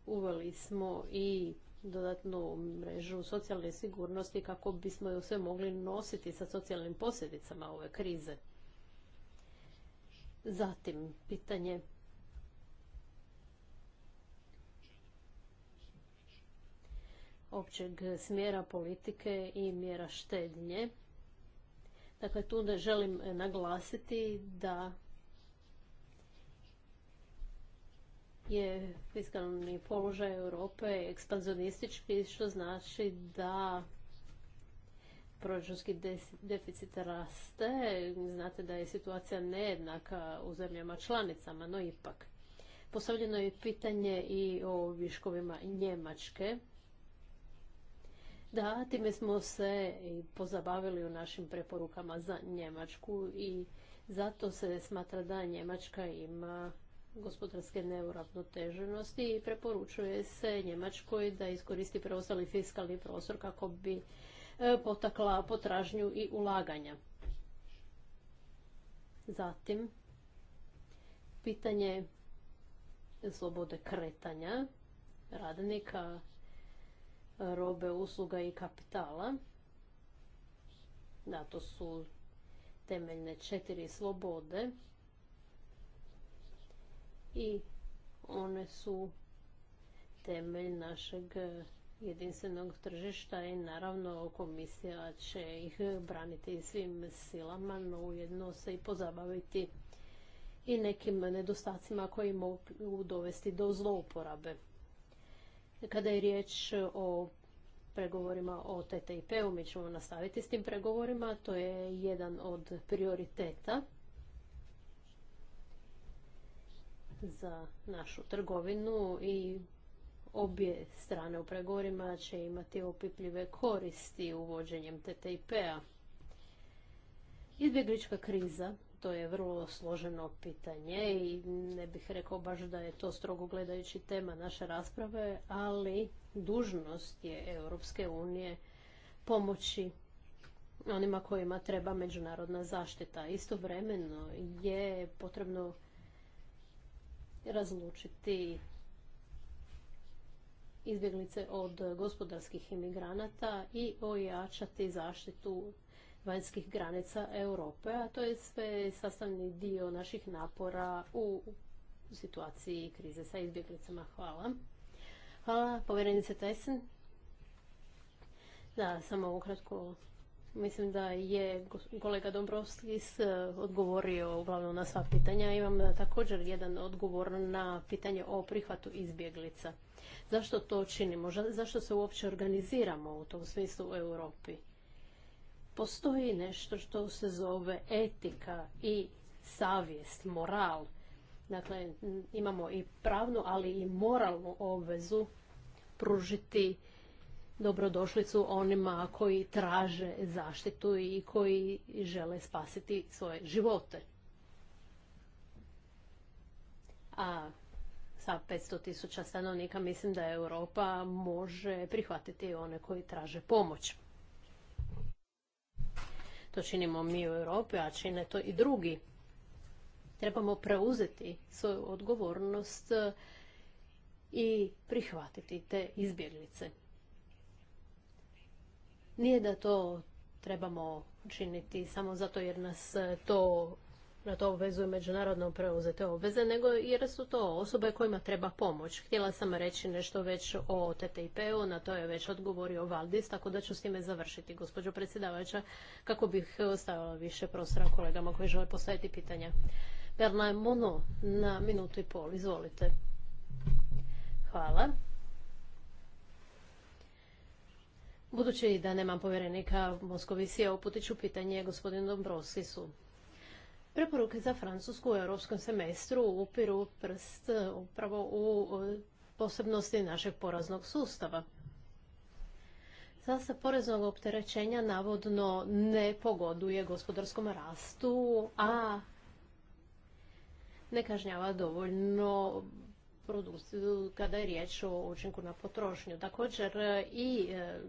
uveli smo i dodatnu mrežu socijalne sigurnosti kako bismo ju sve mogli nositi sa socijalnim posljedicama ove krize. Zatim, pitanje općeg smjera politike i mjera štednje. Dakle, tu ne želim naglasiti da je fiskalni položaj Europe ekspanzionistički, što znači da proračunski deficit raste. Znate da je situacija nejednaka u zemljama članicama, no ipak. Postavljeno je pitanje i o viškovima Njemačke. Da, time smo se pozabavili u našim preporukama za Njemačku i zato se smatra da Njemačka ima gospodarske neuravnoteženosti i preporučuje se Njemačkoj da iskoristi preostali fiskalni prostor kako bi e, potakla potražnju i ulaganja. Zatim, pitanje slobode kretanja radnika, robe, usluga i kapitala. Da, to su temeljne četiri slobode i one su temelj našeg e, jedinstvenog tržišta i naravno komisija će ih braniti svim silama, no ujedno se i pozabaviti i nekim nedostacima koji mogu dovesti do zlouporabe. Kada je riječ o pregovorima o TTIP-u, mi ćemo nastaviti s tim pregovorima, to je jedan od prioriteta za našu trgovinu i obje strane u pregovorima će imati opipljive koristi uvođenjem TTIP-a. Izbjeglička kriza, to je vrlo složeno pitanje i ne bih rekao baš da je to strogo gledajući tema naše rasprave, ali dužnost je Europske unije pomoći onima kojima treba međunarodna zaštita. Istovremeno je potrebno razlučiti izbjeglice od gospodarskih imigranata i ojačati zaštitu vanjskih granica Europe, a to je sve sastavni dio naših napora u situaciji krize sa izbjeglicama. Hvala. Hvala, povjerenice Tyson. Da, samo ukratko Mislim da je kolega Dombrovskis e, odgovorio uglavnom na sva pitanja. Imam e, također jedan odgovor na pitanje o prihvatu izbjeglica. Zašto to činimo? Zašto se uopće organiziramo u tom smislu u Europi? Postoji nešto što se zove etika i savjest, moral. Dakle, imamo i pravnu, ali i moralnu obvezu pružiti dobrodošlicu onima koji traže zaštitu i koji žele spasiti svoje živote. A sa 500 tisuća stanovnika mislim da Europa može prihvatiti one koji traže pomoć. To činimo mi u Europi, a čine to i drugi. Trebamo preuzeti svoju odgovornost i prihvatiti te izbjeglice. Nije da to trebamo činiti samo zato jer nas to na to obvezuju međunarodno preuzete obveze, nego jer su to osobe kojima treba pomoć. Htjela sam reći nešto već o TTIP-u, na to je već odgovorio Valdis, tako da ću s time završiti, gospođo predsjedavača, kako bih ostavila više prostora kolegama koji žele postaviti pitanja. je Mono na minutu i pol, izvolite. Hvala. Budući da nemam povjerenika Moskovisije, uputit ću pitanje gospodinu Dombrosisu. Preporuke za Francusku u europskom semestru upiru prst upravo u e, posebnosti našeg poraznog sustava. Sastav poreznog opterećenja navodno ne pogoduje gospodarskom rastu, a ne kažnjava dovoljno produkciju kada je riječ o učinku na potrošnju. Također e, i e,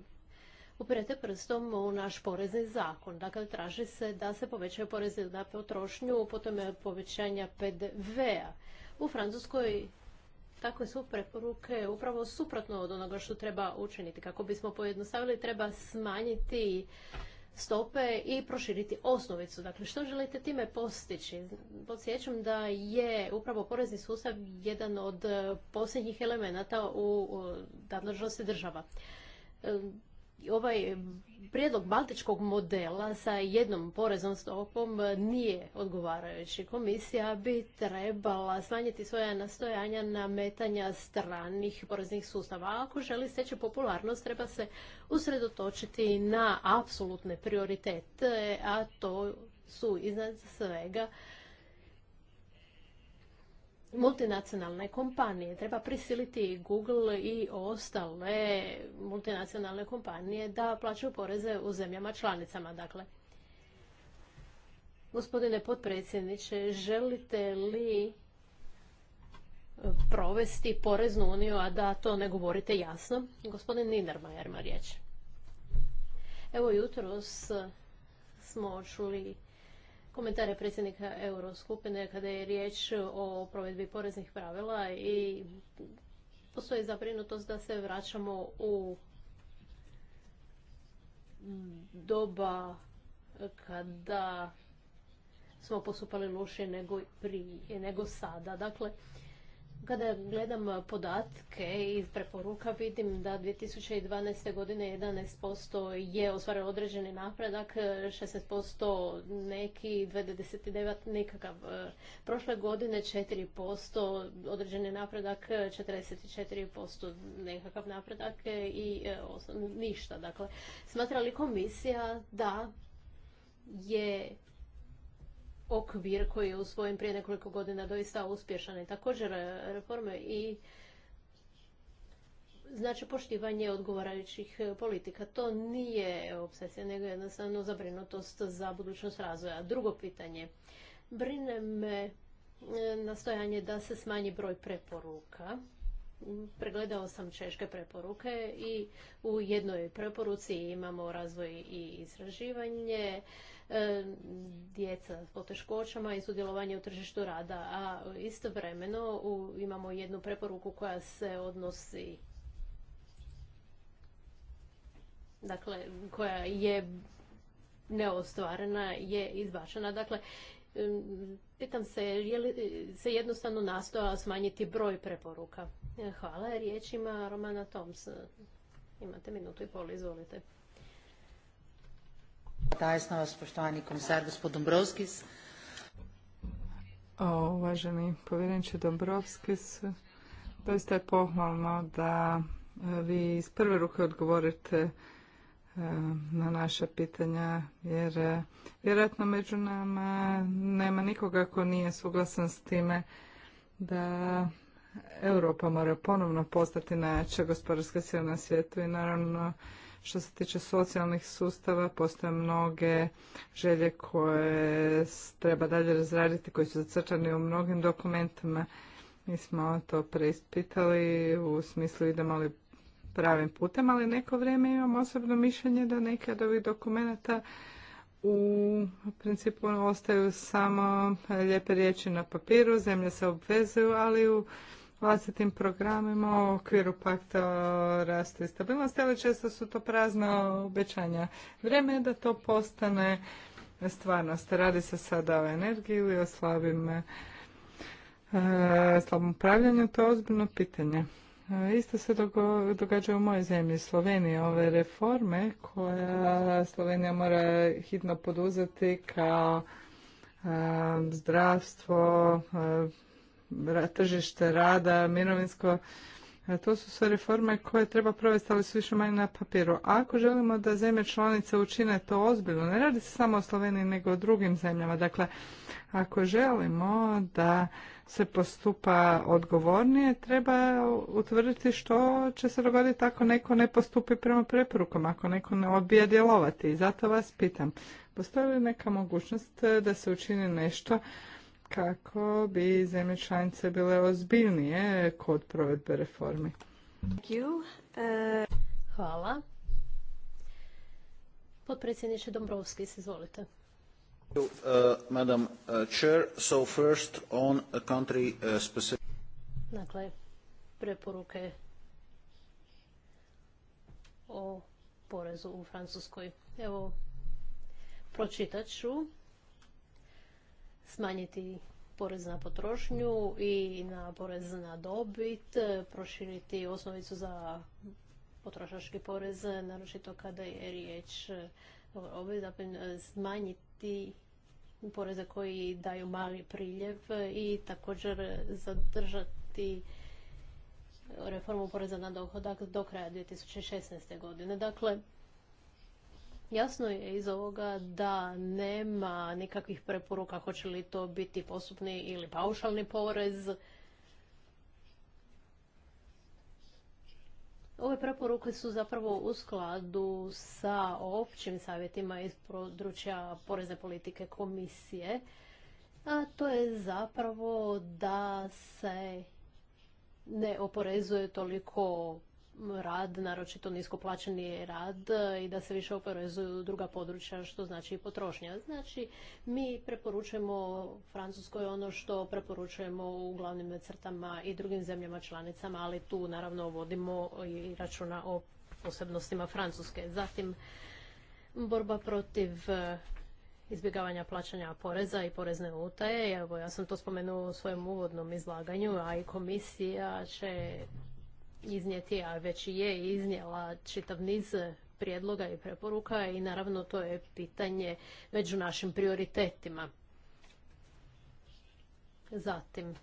uprete prstom u naš porezni zakon. Dakle, traži se da se povećaju poreze na potrošnju, potom je povećanja PDV-a. U Francuskoj takve su preporuke upravo suprotno od onoga što treba učiniti. Kako bismo pojednostavili, treba smanjiti stope i proširiti osnovicu. Dakle, što želite time postići? Podsjećam da je upravo porezni sustav jedan od posljednjih elemenata u nadležnosti država ovaj prijedlog baltičkog modela sa jednom poreznom stopom nije odgovarajući. Komisija bi trebala smanjiti svoja nastojanja nametanja stranih poreznih sustava. ako želi steći popularnost, treba se usredotočiti na apsolutne prioritete, a to su iznad svega multinacionalne kompanije. Treba prisiliti Google i ostale multinacionalne kompanije da plaćaju poreze u zemljama članicama. Dakle, gospodine potpredsjedniče, želite li provesti poreznu uniju, a da to ne govorite jasno? Gospodin jer ima riječ. Evo jutros smo čuli komentare predsjednika Euroskupine kada je riječ o provedbi poreznih pravila i postoji zabrinutost da se vraćamo u doba kada smo postupali loše nego prije, nego sada. Dakle, kada gledam podatke iz preporuka vidim da 2012. godine 11% je ostvarilo određeni napredak, 16% neki, 29 nikakav. E, prošle godine 4% određeni napredak, 44% nekakav napredak e, i e, ništa. Dakle, smatra li komisija da je okvir koji je usvojen prije nekoliko godina doista uspješan i također e, reforme i znači poštivanje odgovarajućih e, politika. To nije obsesija, nego jednostavno zabrinutost za budućnost razvoja. Drugo pitanje. Brine me e, nastojanje da se smanji broj preporuka. Pregledao sam češke preporuke i u jednoj preporuci imamo razvoj i istraživanje, E, djeca s poteškoćama i sudjelovanje u tržištu rada. A istovremeno imamo jednu preporuku koja se odnosi dakle, koja je neostvarena, je izbačena. Dakle, pitam se, je li se jednostavno nastoja smanjiti broj preporuka? E, hvala, riječ ima Romana Toms. Imate minutu i pol, izvolite. Tajsno vas, poštovani komisar, gospod Dombrovskis. uvaženi povjereniče Dombrovskis, doista je pohvalno da e, vi iz prve ruke odgovorite e, na naša pitanja, jer e, vjerojatno među nama nema nikoga ko nije suglasan s time da Europa mora ponovno postati najjača gospodarska sila na svijetu i naravno što se tiče socijalnih sustava, postoje mnoge želje koje treba dalje razraditi, koji su zacrčani u mnogim dokumentima. Mi smo to preispitali u smislu idemo li pravim putem, ali neko vrijeme imam osobno mišljenje da neke od ovih dokumenta u principu ostaju samo lijepe riječi na papiru, zemlje se obvezuju, ali u vlastitim programima u okviru pakta rasta i stabilnosti, ali često su to prazna obećanja. Vrijeme je da to postane stvarnost. Radi se sada o energiji ili o slabim, e, slabom upravljanju, to je ozbiljno pitanje. E, isto se događa u mojoj zemlji, Sloveniji. Ove reforme koja Slovenija mora hitno poduzeti kao e, zdravstvo, tržište rada, mirovinsko, to su sve reforme koje treba provesti, ali su više manje na papiru. Ako želimo da zemlje članice učine to ozbiljno, ne radi se samo o Sloveniji nego o drugim zemljama. Dakle, ako želimo da se postupa odgovornije, treba utvrditi što će se dogoditi ako neko ne postupi prema preporukama, ako neko ne odbija djelovati. I zato vas pitam, postoji li neka mogućnost da se učini nešto kako bi zemlje članice bile ozbiljnije kod provedbe reformi. Uh, Hvala. Potpredsjedniče Dombrovski, izvolite. Madam Dakle, preporuke o porezu u Francuskoj. Evo, pročitat ću smanjiti porez na potrošnju i na porez na dobit, proširiti osnovicu za potrošački porez, naročito kada je riječ o dakle, smanjiti poreze koji daju mali priljev i također zadržati reformu poreza na dohodak do kraja 2016. godine. Dakle, Jasno je iz ovoga da nema nikakvih preporuka hoće li to biti postupni ili paušalni porez. Ove preporuke su zapravo u skladu sa općim savjetima iz područja porezne politike komisije. A to je zapravo da se ne oporezuje toliko rad, naročito nisko plaćeni rad i da se više oporezuju druga područja, što znači i potrošnja. Znači, mi preporučujemo Francuskoj ono što preporučujemo u glavnim crtama i drugim zemljama članicama, ali tu naravno vodimo i računa o posebnostima Francuske. Zatim, borba protiv e, izbjegavanja plaćanja poreza i porezne utaje. Evo, ja sam to spomenuo u svojem uvodnom izlaganju, a i komisija će iznijeti, a već je iznijela čitav niz prijedloga i preporuka i naravno to je pitanje među našim prioritetima. Zatim,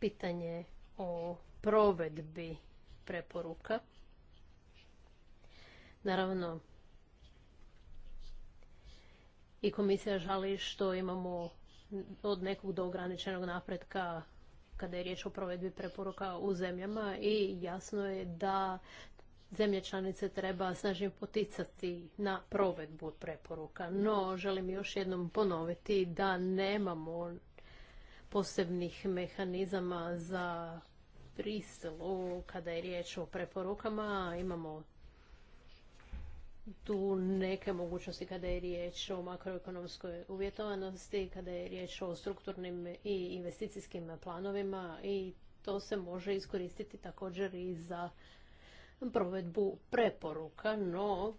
pitanje o provedbi preporuka. Naravno, i komisija žali što imamo od nekog do ograničenog napretka kada je riječ o provedbi preporuka u zemljama i jasno je da zemlje članice treba snažnije poticati na provedbu preporuka. No, želim još jednom ponoviti da nemamo posebnih mehanizama za prisilu kada je riječ o preporukama. Imamo tu neke mogućnosti kada je riječ o makroekonomskoj uvjetovanosti, kada je riječ o strukturnim i investicijskim planovima i to se može iskoristiti također i za provedbu preporuka, no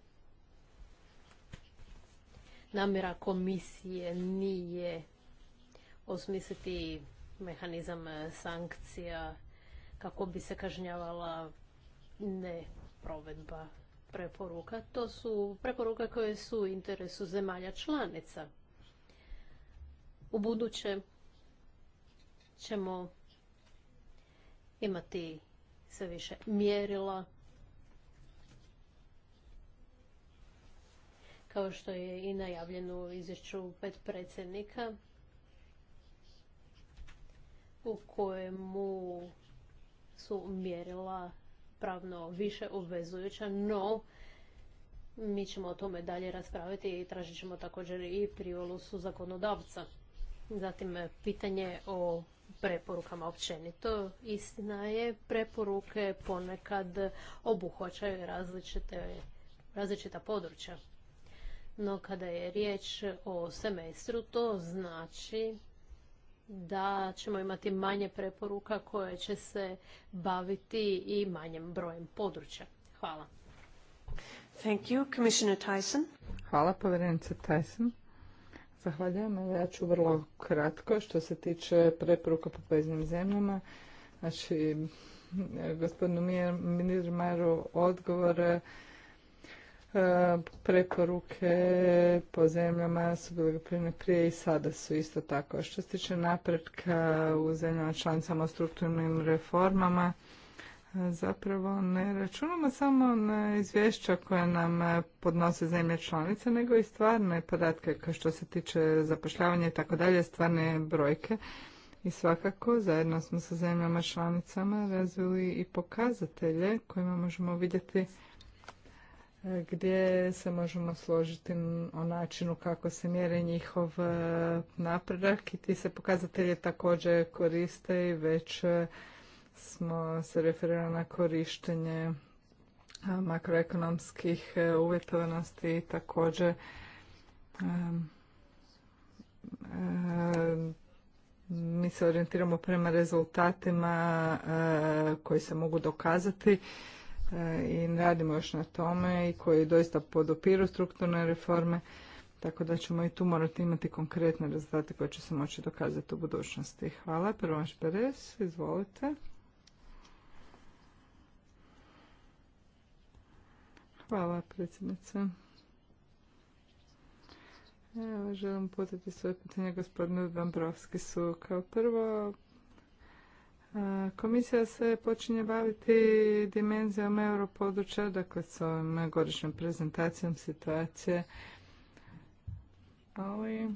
namjera komisije nije osmisliti mehanizam sankcija kako bi se kažnjavala ne provedba preporuka. To su preporuka koje su u interesu zemalja članica. U buduće ćemo imati sve više mjerila kao što je i najavljeno u izvješću pet predsjednika u kojemu su mjerila pravno više obvezujuća, no mi ćemo o tome dalje raspraviti i tražit ćemo također i privolu su zakonodavca. Zatim pitanje o preporukama općenito. Istina je, preporuke ponekad obuhvaćaju različita područja. No kada je riječ o semestru, to znači da ćemo imati manje preporuka koje će se baviti i manjem brojem područja. Hvala. Thank you, Commissioner Tyson. Hvala, povjerenice Tyson. Zahvaljujem. Ja ću vrlo kratko što se tiče preporuka po peznim zemljama. Znači, gospodinu Maru, odgovor E, preporuke po zemljama su bile prije i sada su isto tako. Što se tiče napretka u zemljama članicama o strukturnim reformama, e, zapravo ne računamo samo na izvješća koja nam podnose zemlje članice, nego i stvarne podatke kao što se tiče zapošljavanja i tako dalje, stvarne brojke. I svakako zajedno smo sa zemljama članicama razvili i pokazatelje kojima možemo vidjeti gdje se možemo složiti o načinu kako se mjere njihov e, napredak i ti se pokazatelje također koriste i već e, smo se referirali na korištenje e, makroekonomskih uvjetovanosti i također mi se orijentiramo prema rezultatima koji se mogu dokazati E, i radimo još na tome i koji doista podopiru strukturne reforme, tako da ćemo i tu morati imati konkretne rezultate koje će se moći dokazati u budućnosti. Hvala. Prvo Perez, izvolite. Hvala predsjednice. Evo, želim putiti svoje pitanje gospodinu Dombrovski su. Kao prvo, Komisija se počinje baviti dimenzijom europodručja, dakle s ovim godišnjom prezentacijom situacije, ali e,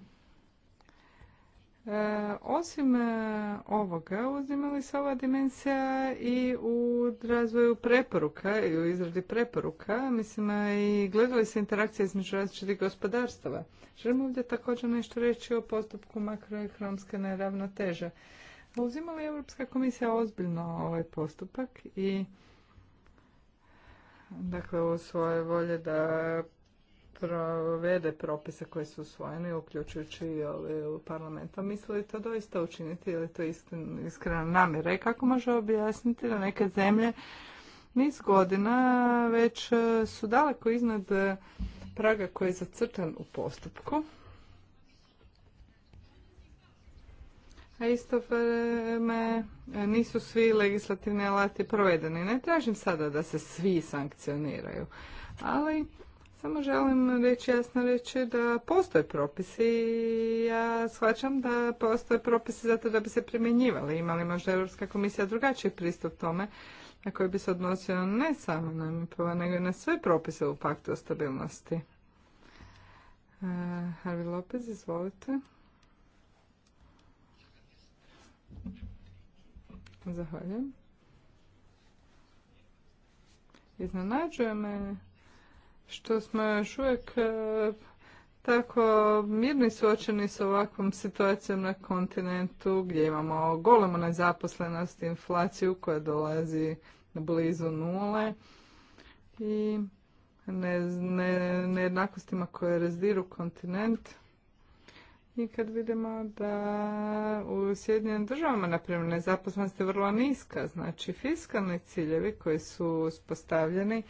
osim e, ovoga, uzimali se ova dimenzija i u razvoju preporuka i u izradi preporuka, mislim i gledali se interakcije između različitih gospodarstava. Želim ovdje također nešto reći o postupku makroekonomske neravnoteže. Uzima li Europska komisija ozbiljno ovaj postupak i dakle u svoje volje da provede propise koje su usvojeni, uključujući i ovaj parlamenta. Misli li to doista učiniti ili to iskrena namjera? I kako može objasniti da neke zemlje niz godina već su daleko iznad praga koji je zacrtan u postupku a isto vreme e, nisu svi legislativni alati provedeni. Ne tražim sada da se svi sankcioniraju, ali samo želim reći jasno reći da postoje propisi i ja shvaćam da postoje propisi zato da bi se primjenjivali. Imali možda Europska komisija drugačiji pristup tome na koji bi se odnosio ne samo na MIP-ova, nego i na sve propise u paktu o stabilnosti. E, Harvi Lopez, izvolite. Zahvaljujem. Iznenađuje me što smo još uvijek e, tako mirni suočeni s ovakvom situacijom na kontinentu gdje imamo golemu nezaposlenost, inflaciju koja dolazi blizu nule i nejednakostima koje razdiru kontinent i kad vidimo da u Sjedinjenim državama, na nezaposlenost je vrlo niska, znači fiskalni ciljevi koji su uspostavljeni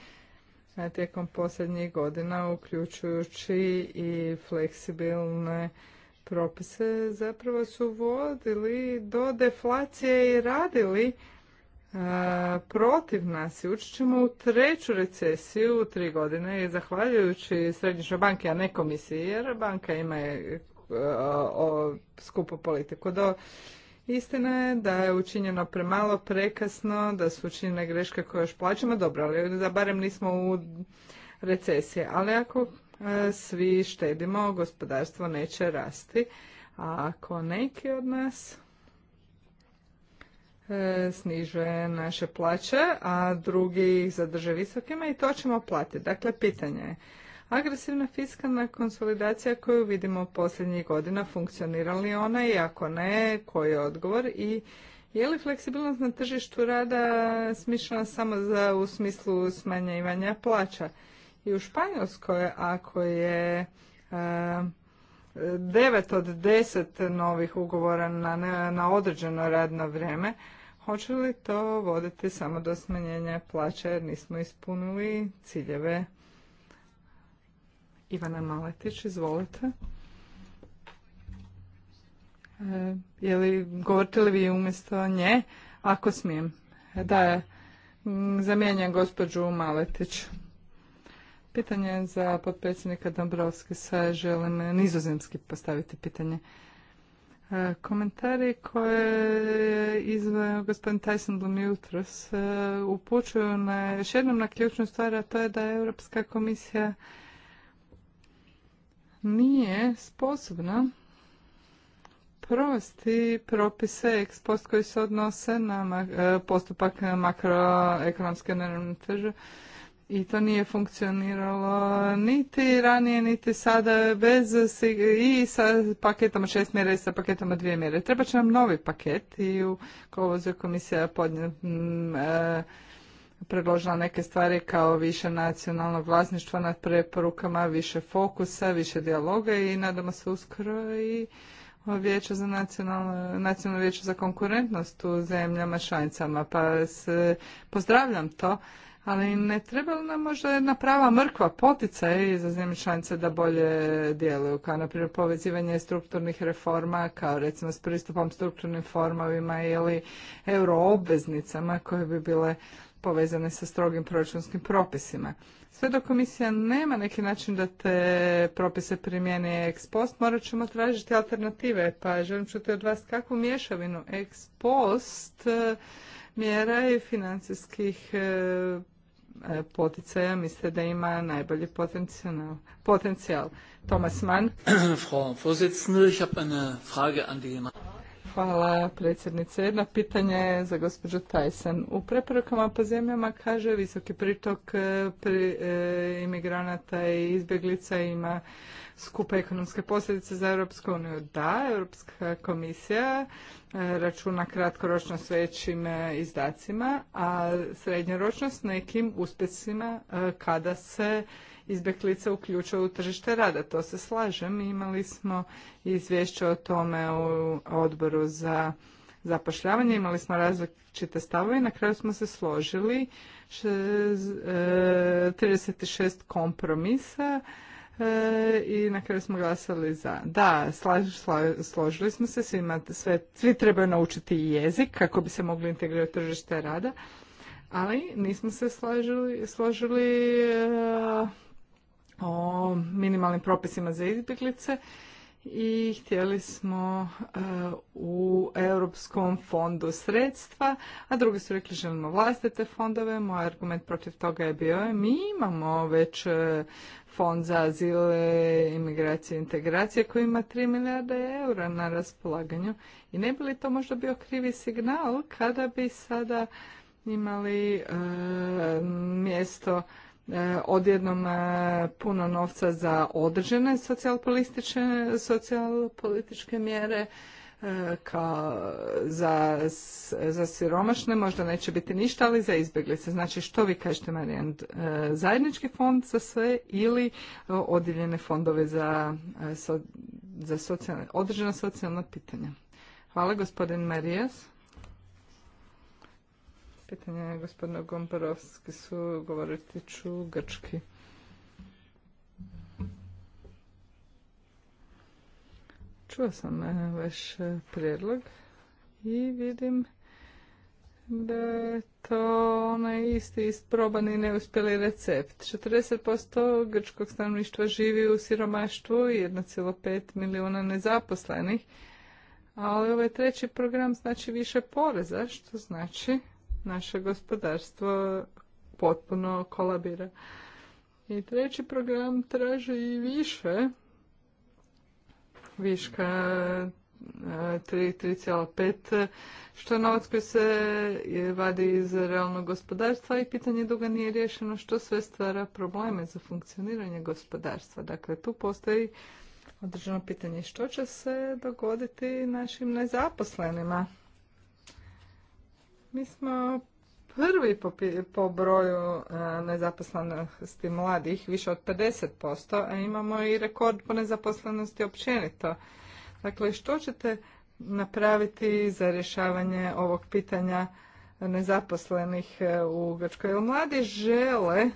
eh, tijekom posljednjih godina, uključujući i fleksibilne propise, zapravo su vodili do deflacije i radili eh, protiv nas i ući ćemo u treću recesiju u tri godine i zahvaljujući Središnjoj banki, a ne komisiji, jer banka ima o skupu politiku. Do, Istina je da je učinjeno premalo, prekasno, da su učinjene greške koje još plaćamo, dobro, ali da barem nismo u recesiji. Ali ako e, svi štedimo, gospodarstvo neće rasti, a ako neki od nas e, sniže naše plaće, a drugi ih zadrže visokima i to ćemo platiti. Dakle, pitanje je Agresivna fiskalna konsolidacija koju vidimo posljednjih godina, funkcionira li ona i ako ne, koji je odgovor i je li fleksibilnost na tržištu rada smišljena samo za u smislu smanjivanja plaća? I u Španjolskoj ako je devet od deset novih ugovora na, na određeno radno vrijeme, hoće li to voditi samo do smanjenja plaća jer nismo ispunili ciljeve Ivana Maletić, izvolite. E, je li, govorite li vi umjesto nje? Ako smijem. E, da, zamijenjam gospođu Maletić. Pitanje za potpredsjednika sa Želim nizozemski postaviti pitanje. E, komentari koje je izveo gospodin Tyson jutros upućuju na, još jednom na ključnu stvar, a to je da je Europska komisija nije sposobna provesti propise ex post koji se odnose na e, postupak makroekonomske neravnoteže i to nije funkcioniralo niti ranije, niti sada bez i sa paketom šest mjera i sa paketama dvije mjere. Treba će nam novi paket i u kolovozu je komisija podnijela predložila neke stvari kao više nacionalnog vlasništva nad preporukama, više fokusa, više dijaloga i nadamo se uskoro i vijeće za nacionalno, nacionalno vijeće za konkurentnost u zemljama članicama, pa se, pozdravljam to, ali ne treba nam možda jedna prava mrkva i za zemlje članice da bolje djeluju, kao na primjer povezivanje strukturnih reforma, kao recimo s pristupom strukturnim formovima ili euroobveznicama koje bi bile povezane sa strogim proračunskim propisima. Sve dok komisija nema neki način da te propise primjeni ex post, morat ćemo tražiti alternative. Pa želim čuti od vas kakvu mješavinu ex post e, mjera i financijskih e, e, poticaja misle da ima najbolji potencijal. potencijal. Thomas Mann. Frau Vorsitzende, ich habe eine Frage an die Hvala predsjednice. Jedno pitanje za gospođu Tyson. U preporukama po zemljama kaže visoki pritok eh, pri, eh, imigranata i izbjeglica ima skupe ekonomske posljedice za Europsku uniju. Da, Europska komisija eh, računa kratkoročno s većim izdacima, a srednjoročno s nekim uspjesima kada se izbjeglica uključuju u tržište rada. To se slažem. Imali smo izvješće o tome u odboru za zapošljavanje. Imali smo različite stavove i na kraju smo se složili 36 e, kompromisa e, i na kraju smo glasali za. Da, složili smo se, svima, sve, svi trebaju naučiti jezik kako bi se mogli integrirati tržište rada, ali nismo se složili, složili e, o minimalnim propisima za izbjeglice i htjeli smo e, u Europskom fondu sredstva, a drugi su rekli želimo vlastite fondove. Moj argument protiv toga je bio mi imamo već e, fond za azile, imigracije i integracije koji ima 3 milijarde eura na raspolaganju. I ne bi li to možda bio krivi signal kada bi sada imali e, mjesto Eh, odjednom eh, puno novca za određene socijalpolitičke mjere eh, kao za, za siromašne možda neće biti ništa, ali za izbjeglice. Znači što vi kažete Marijan, zajednički fond za sve ili odjeljene fondove za, za socijalne, određena socijalna pitanja? Hvala gospodin Marijas. Pitanje gospodina Gomborovski su, govoriti ću grčki. Čuo sam e, vaš prijedlog i vidim da je to onaj isti i neuspjeli recept. 40% grčkog stanovništva živi u siromaštvu, 1,5 milijuna nezaposlenih, ali ovaj treći program znači više poreza, što znači naše gospodarstvo potpuno kolabira. I treći program traži i više, viška 3,5, e, što je novac koji se vadi iz realnog gospodarstva i pitanje duga nije rješeno što sve stvara probleme za funkcioniranje gospodarstva. Dakle, tu postoji određeno pitanje što će se dogoditi našim nezaposlenima mi smo prvi po, po broju e, nezaposlenosti mladih, više od 50%, a imamo i rekord po nezaposlenosti općenito. Dakle, što ćete napraviti za rješavanje ovog pitanja nezaposlenih e, u Grčkoj? Jer mladi žele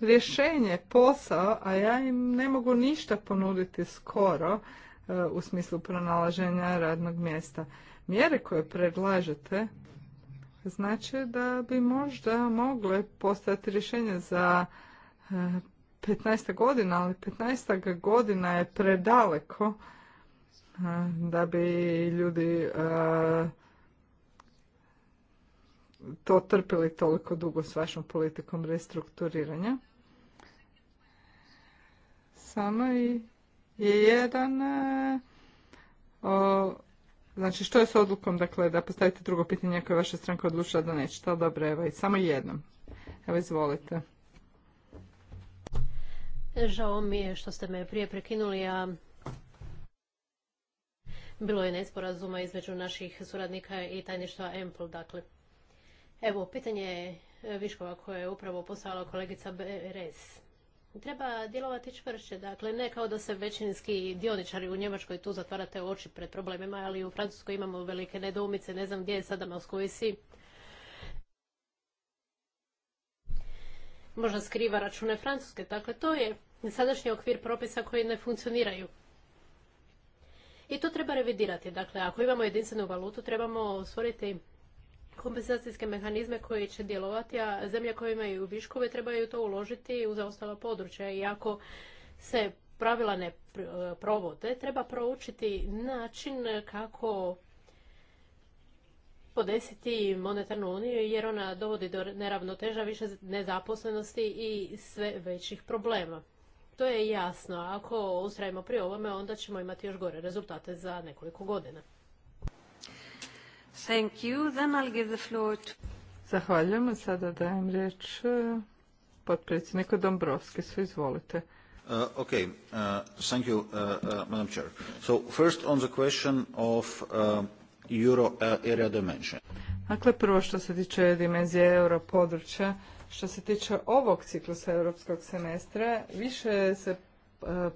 rješenje, posao, a ja im ne mogu ništa ponuditi skoro e, u smislu pronalaženja radnog mjesta mjere koje predlažete znači da bi možda mogle postati rješenje za 15 eh, godina, ali 15 godina je predaleko eh, da bi ljudi eh, to trpili toliko dugo s vašom politikom restrukturiranja. Samo je jedan o, Znači, što je s odlukom, dakle, da postavite drugo pitanje ako je vaša stranka odlučila da neće. Da, dobro, evo, i samo jednom. Evo, izvolite. Žao mi je što ste me prije prekinuli, a bilo je nesporazuma između naših suradnika i tajništva EMPL, dakle. Evo, pitanje viškova koje je upravo poslala kolegica Beres. Treba djelovati čvršće, dakle ne kao da se većinski dioničari u Njemačkoj tu zatvarate oči pred problemima, ali u Francuskoj imamo velike nedoumice, ne znam gdje je sada Moskovisi. Možda skriva račune Francuske, dakle to je sadašnji okvir propisa koji ne funkcioniraju. I to treba revidirati. Dakle, ako imamo jedinstvenu valutu, trebamo stvoriti kompenzacijske mehanizme koji će djelovati, a zemlje koje imaju viškove trebaju to uložiti u zaostala područja. I ako se pravila ne e, provode, treba proučiti način kako podesiti monetarnu uniju jer ona dovodi do neravnoteža više nezaposlenosti i sve većih problema. To je jasno. Ako ustrajimo pri ovome, onda ćemo imati još gore rezultate za nekoliko godina. Thank you. Then I'll give the floor to... Zahvaljujem. Sada dajem riječ e, potpredsjedniku Dombrovski. Svi izvolite. Uh, okay. Uh, thank you, uh, uh, Madam Chair. So first on the question of euro area dimension. Dakle, prvo što se tiče dimenzije euro područja, što se tiče ovog ciklusa europskog semestra, više se e,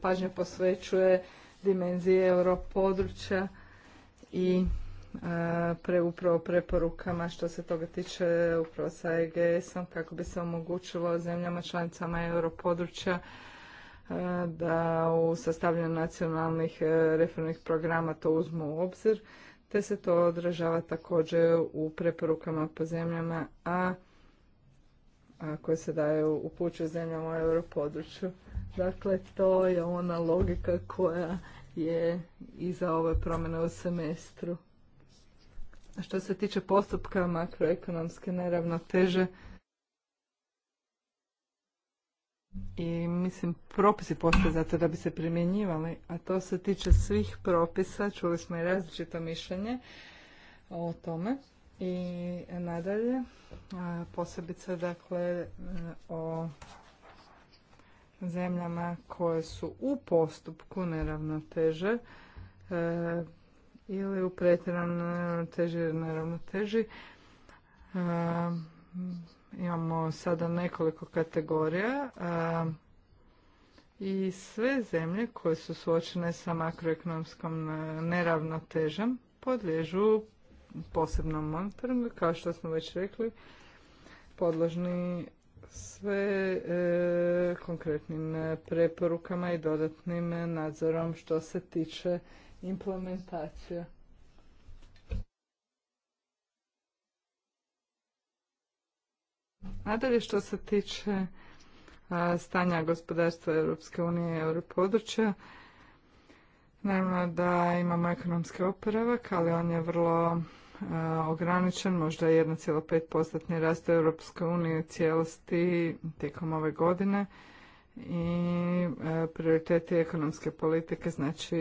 pažnje posvećuje dimenzije euro područja i pre, upravo preporukama što se toga tiče upravo sa EGS-om kako bi se omogućilo zemljama članicama europodručja e, da u sastavljanju nacionalnih e, reformnih programa to uzmu u obzir, te se to odražava također u preporukama po zemljama, a, koje se daju u puću zemljama u europodručju. Dakle, to je ona logika koja je iza ove promjene u semestru. Što se tiče postupka makroekonomske neravnoteže, i mislim propisi postoje zato da bi se primjenjivali, a to se tiče svih propisa, čuli smo i različito mišljenje o tome i nadalje, posebice dakle o zemljama koje su u postupku neravnoteže, e, ili u pretjerano e, teži neravnoteži. E, imamo sada nekoliko kategorija e, i sve zemlje koje su suočene sa makroekonomskom neravnotežom podliježu posebnom monitoringu, kao što smo već rekli, podložni sve konkretnim preporukama i dodatnim nadzorom što se tiče implementacija. Nadalje što se tiče stanja gospodarstva Europske unije i europodručja, naravno da imamo ekonomski oporavak, ali on je vrlo ograničen, možda 1,5% rast Europske unije u cijelosti tijekom ove godine i e, prioriteti ekonomske politike, znači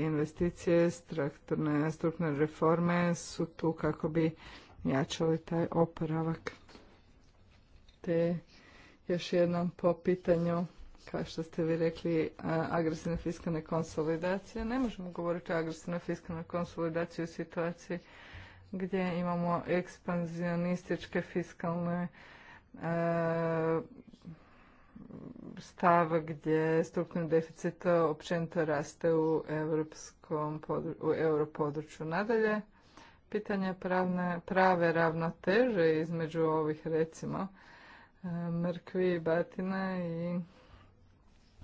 investicije, strukturne, strukturne reforme su tu kako bi jačali taj oporavak. Te još jednom po pitanju, kao što ste vi rekli, e, agresivne fiskalne konsolidacije. Ne možemo govoriti o agresivnoj fiskalnoj konsolidaciji u situaciji gdje imamo ekspanzionističke fiskalne e, stav gdje strukturni deficit općenito raste u europskom u europodručju. Nadalje, pitanje pravne, prave ravnoteže između ovih recimo e, mrkvi i batina i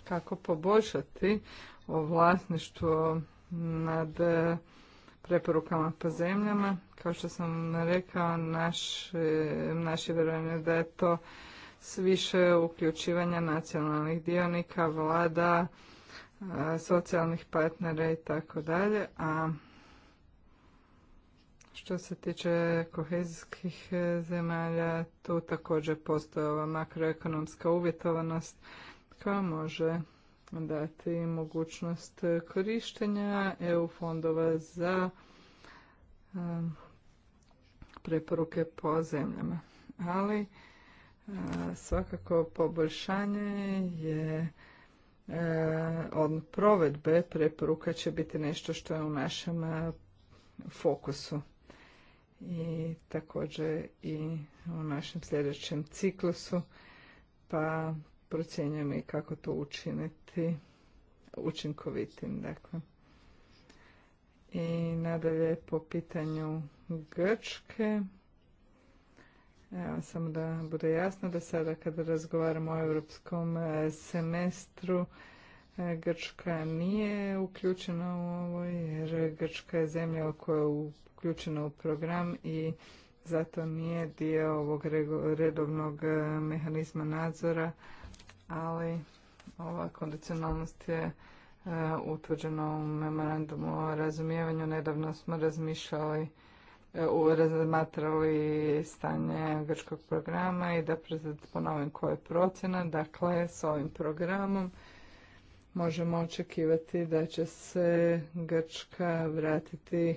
kako poboljšati o vlasništvo nad e, preporukama po zemljama. Kao što sam rekao, e, naše naši vjerujem da je to s više uključivanja nacionalnih dionika, vlada, socijalnih partnera i tako dalje, a što se tiče kohezijskih e, zemalja, tu također postoje ova makroekonomska uvjetovanost koja može dati mogućnost korištenja EU fondova za e, preporuke po zemljama. Ali svakako poboljšanje je e, od provedbe preporuka će biti nešto što je u našem e, fokusu i također i u našem sljedećem ciklusu pa procjenjujem i kako to učiniti učinkovitim dakle i nadalje po pitanju Grčke Evo, samo da bude jasno da sada kada razgovaramo o europskom e, semestru, e, Grčka nije uključena u ovo jer Grčka je zemlja koja je uključena u program i zato nije dio ovog redovnog e, mehanizma nadzora, ali ova kondicionalnost je utvrđena u memorandumu o razumijevanju. Nedavno smo razmišljali E, razmatrali stanje grčkog programa i da ponovim koja je procjena. Dakle, s ovim programom možemo očekivati da će se Grčka vratiti e,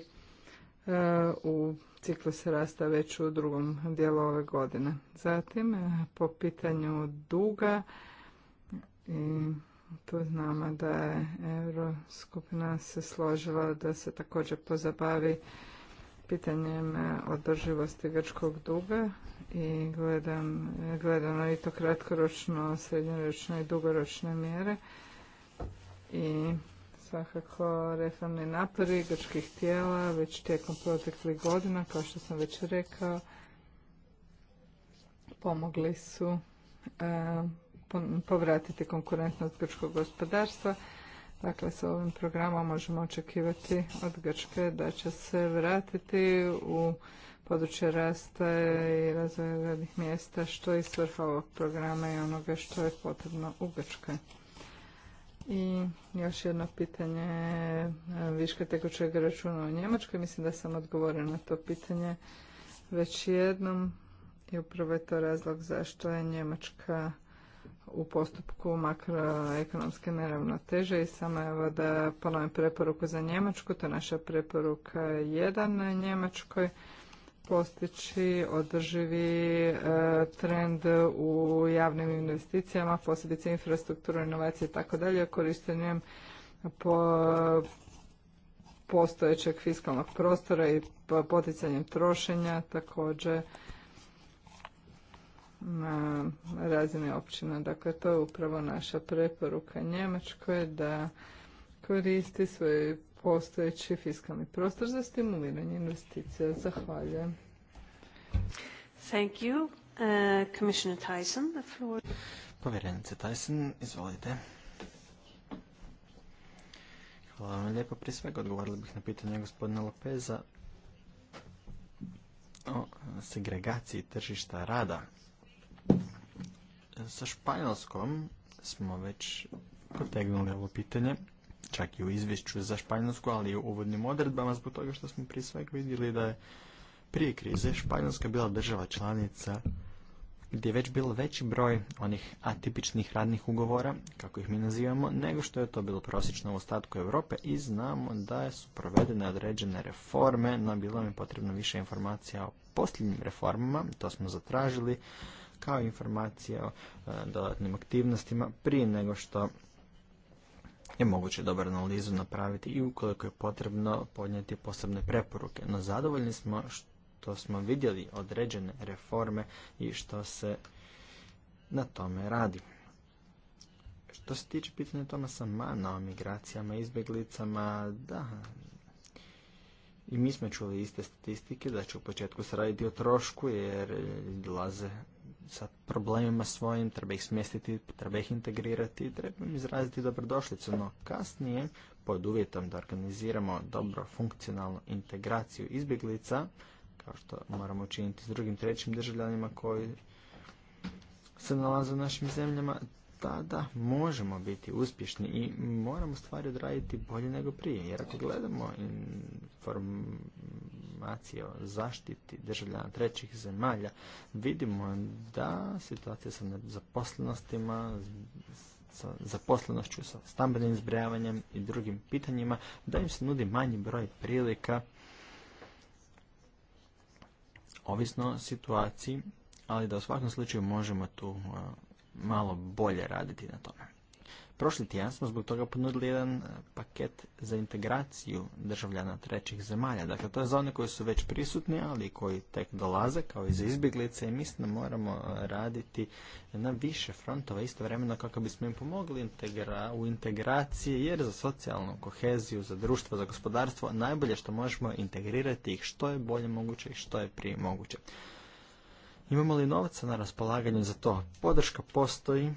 u ciklus rasta već u drugom dijelu ove godine. Zatim, e, po pitanju duga, i tu znamo da je Euroskupina se složila da se također pozabavi pitanjem e, održivosti grčkog duga i gledam, gledano e, i to kratkoročno, srednjoročno i dugoročne mjere i svakako reformni napori grčkih tijela već tijekom proteklih godina, kao što sam već rekao, pomogli su e, povratiti konkurentnost grčkog gospodarstva Dakle, s ovim programom možemo očekivati od Grčke da će se vratiti u područje rasta i razvoja radnih mjesta, što je svrha ovog programa i onoga što je potrebno u Grčkoj. I još jedno pitanje viška tekućeg računa u Njemačkoj. Mislim da sam odgovorila na to pitanje već jednom i upravo je to razlog zašto je Njemačka u postupku makroekonomske neravnoteže i samo evo da ponovim preporuku za Njemačku, to je naša preporuka jedan Njemačkoj, postići održivi e, trend u javnim investicijama, posebice infrastrukturu, inovacije i tako dalje, korištenjem po postojećeg fiskalnog prostora i poticanjem trošenja, također na razini općina. Dakle, to je upravo naša preporuka Njemačkoj da koristi svoj postojeći fiskalni prostor za stimuliranje investicija. Zahvaljujem. Thank you. Uh, Commissioner Tyson, the floor. Povjerenice Tyson, izvolite. Hvala vam lijepo. Prije svega odgovorili bih na pitanje gospodina Lopeza o segregaciji tržišta rada sa Španjolskom smo već potegnuli ovo pitanje, čak i u izvješću za Španjolsku, ali i u uvodnim odredbama, zbog toga što smo prije svega vidjeli da je prije krize Španjolska bila država članica gdje je već bilo veći broj onih atipičnih radnih ugovora, kako ih mi nazivamo, nego što je to bilo prosječno u ostatku Europe i znamo da su provedene određene reforme, no bilo mi potrebno više informacija o posljednjim reformama, to smo zatražili, kao informacije o e, dodatnim aktivnostima prije nego što je moguće dobar analizu napraviti i ukoliko je potrebno podnijeti posebne preporuke. No zadovoljni smo što smo vidjeli određene reforme i što se na tome radi. Što se tiče pitanja Tomasa Mana o migracijama i izbjeglicama, da, i mi smo čuli iste statistike da će u početku se raditi o trošku jer dolaze sa problemima svojim, treba ih smjestiti, treba ih integrirati, treba im izraziti dobrodošlicu, no kasnije, pod uvjetom da organiziramo dobro funkcionalnu integraciju izbjeglica, kao što moramo učiniti s drugim trećim državljanima koji se nalaze u našim zemljama, tada možemo biti uspješni i moramo stvari odraditi bolje nego prije. Jer ako gledamo inform informacije o zaštiti državljana trećih zemalja, vidimo da situacija sa nezaposlenostima, sa zaposlenošću, sa stambenim zbrajavanjem i drugim pitanjima, da im se nudi manji broj prilika ovisno o situaciji, ali da u svakom slučaju možemo tu malo bolje raditi na tome. Prošli tjedan smo zbog toga ponudili jedan e, paket za integraciju državljana trećih zemalja. Dakle, to je za one koji su već prisutni, ali koji tek dolaze, kao i za izbjeglice. I mislim da moramo e, raditi na više frontova istovremeno kako bismo im pomogli integra u integraciji, jer za socijalnu koheziju, za društvo, za gospodarstvo, najbolje što možemo integrirati ih što je bolje moguće i što je prije moguće. Imamo li novaca na raspolaganju za to? Podrška postoji,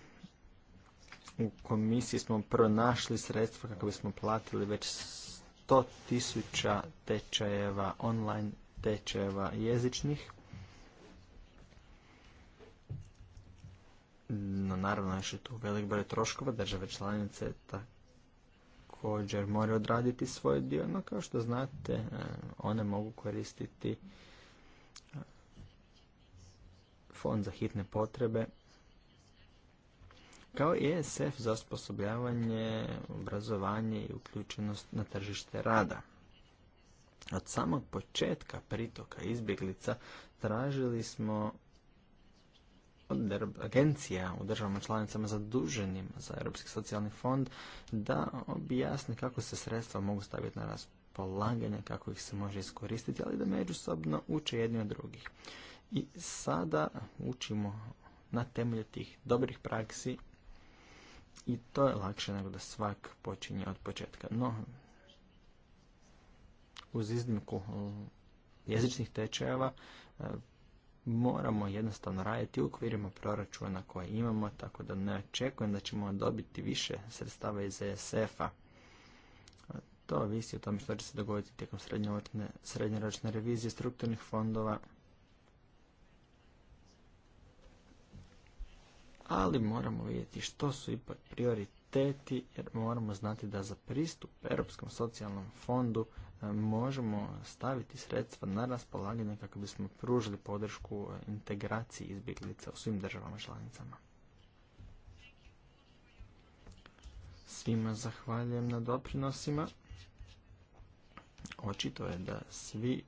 u komisiji smo pronašli sredstva kako bismo platili već 100 tisuća tečajeva, online tečajeva jezičnih. No naravno još je tu velik broj troškova, države članice također moraju odraditi svoj dio, no kao što znate e, one mogu koristiti e, fond za hitne potrebe kao i ESF za osposobljavanje, obrazovanje i uključenost na tržište rada. Od samog početka pritoka izbjeglica tražili smo od agencija u državama članicama zaduženim za Europski socijalni fond da objasne kako se sredstva mogu staviti na raspolaganje, kako ih se može iskoristiti, ali da međusobno uče jedni od drugih. I sada učimo na temelju tih dobrih praksi i to je lakše nego da svak počinje od početka. No, uz iznimku e, jezičnih tečajeva e, moramo jednostavno raditi u okvirima proračuna koje imamo, tako da ne očekujem da ćemo dobiti više sredstava iz ESF-a. To visi o tome što će se dogoditi tijekom srednjoročne revizije strukturnih fondova ali moramo vidjeti što su ipak prioriteti jer moramo znati da za pristup Europskom socijalnom fondu e, možemo staviti sredstva na raspolaganje kako bismo pružili podršku e, integraciji izbjeglica u svim državama članicama. Svima zahvaljujem na doprinosima. Očito je da svi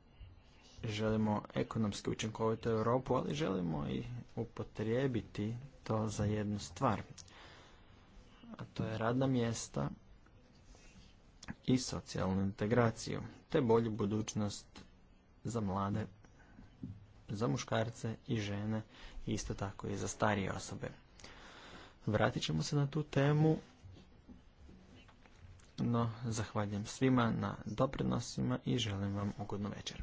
želimo ekonomski učinkovitu Europu, ali želimo i upotrijebiti za jednu stvar. A to je radna mjesta i socijalnu integraciju, te bolju budućnost za mlade, za muškarce i žene, isto tako i za starije osobe. Vratit ćemo se na tu temu, no zahvaljujem svima na doprinosima i želim vam ugodnu večer.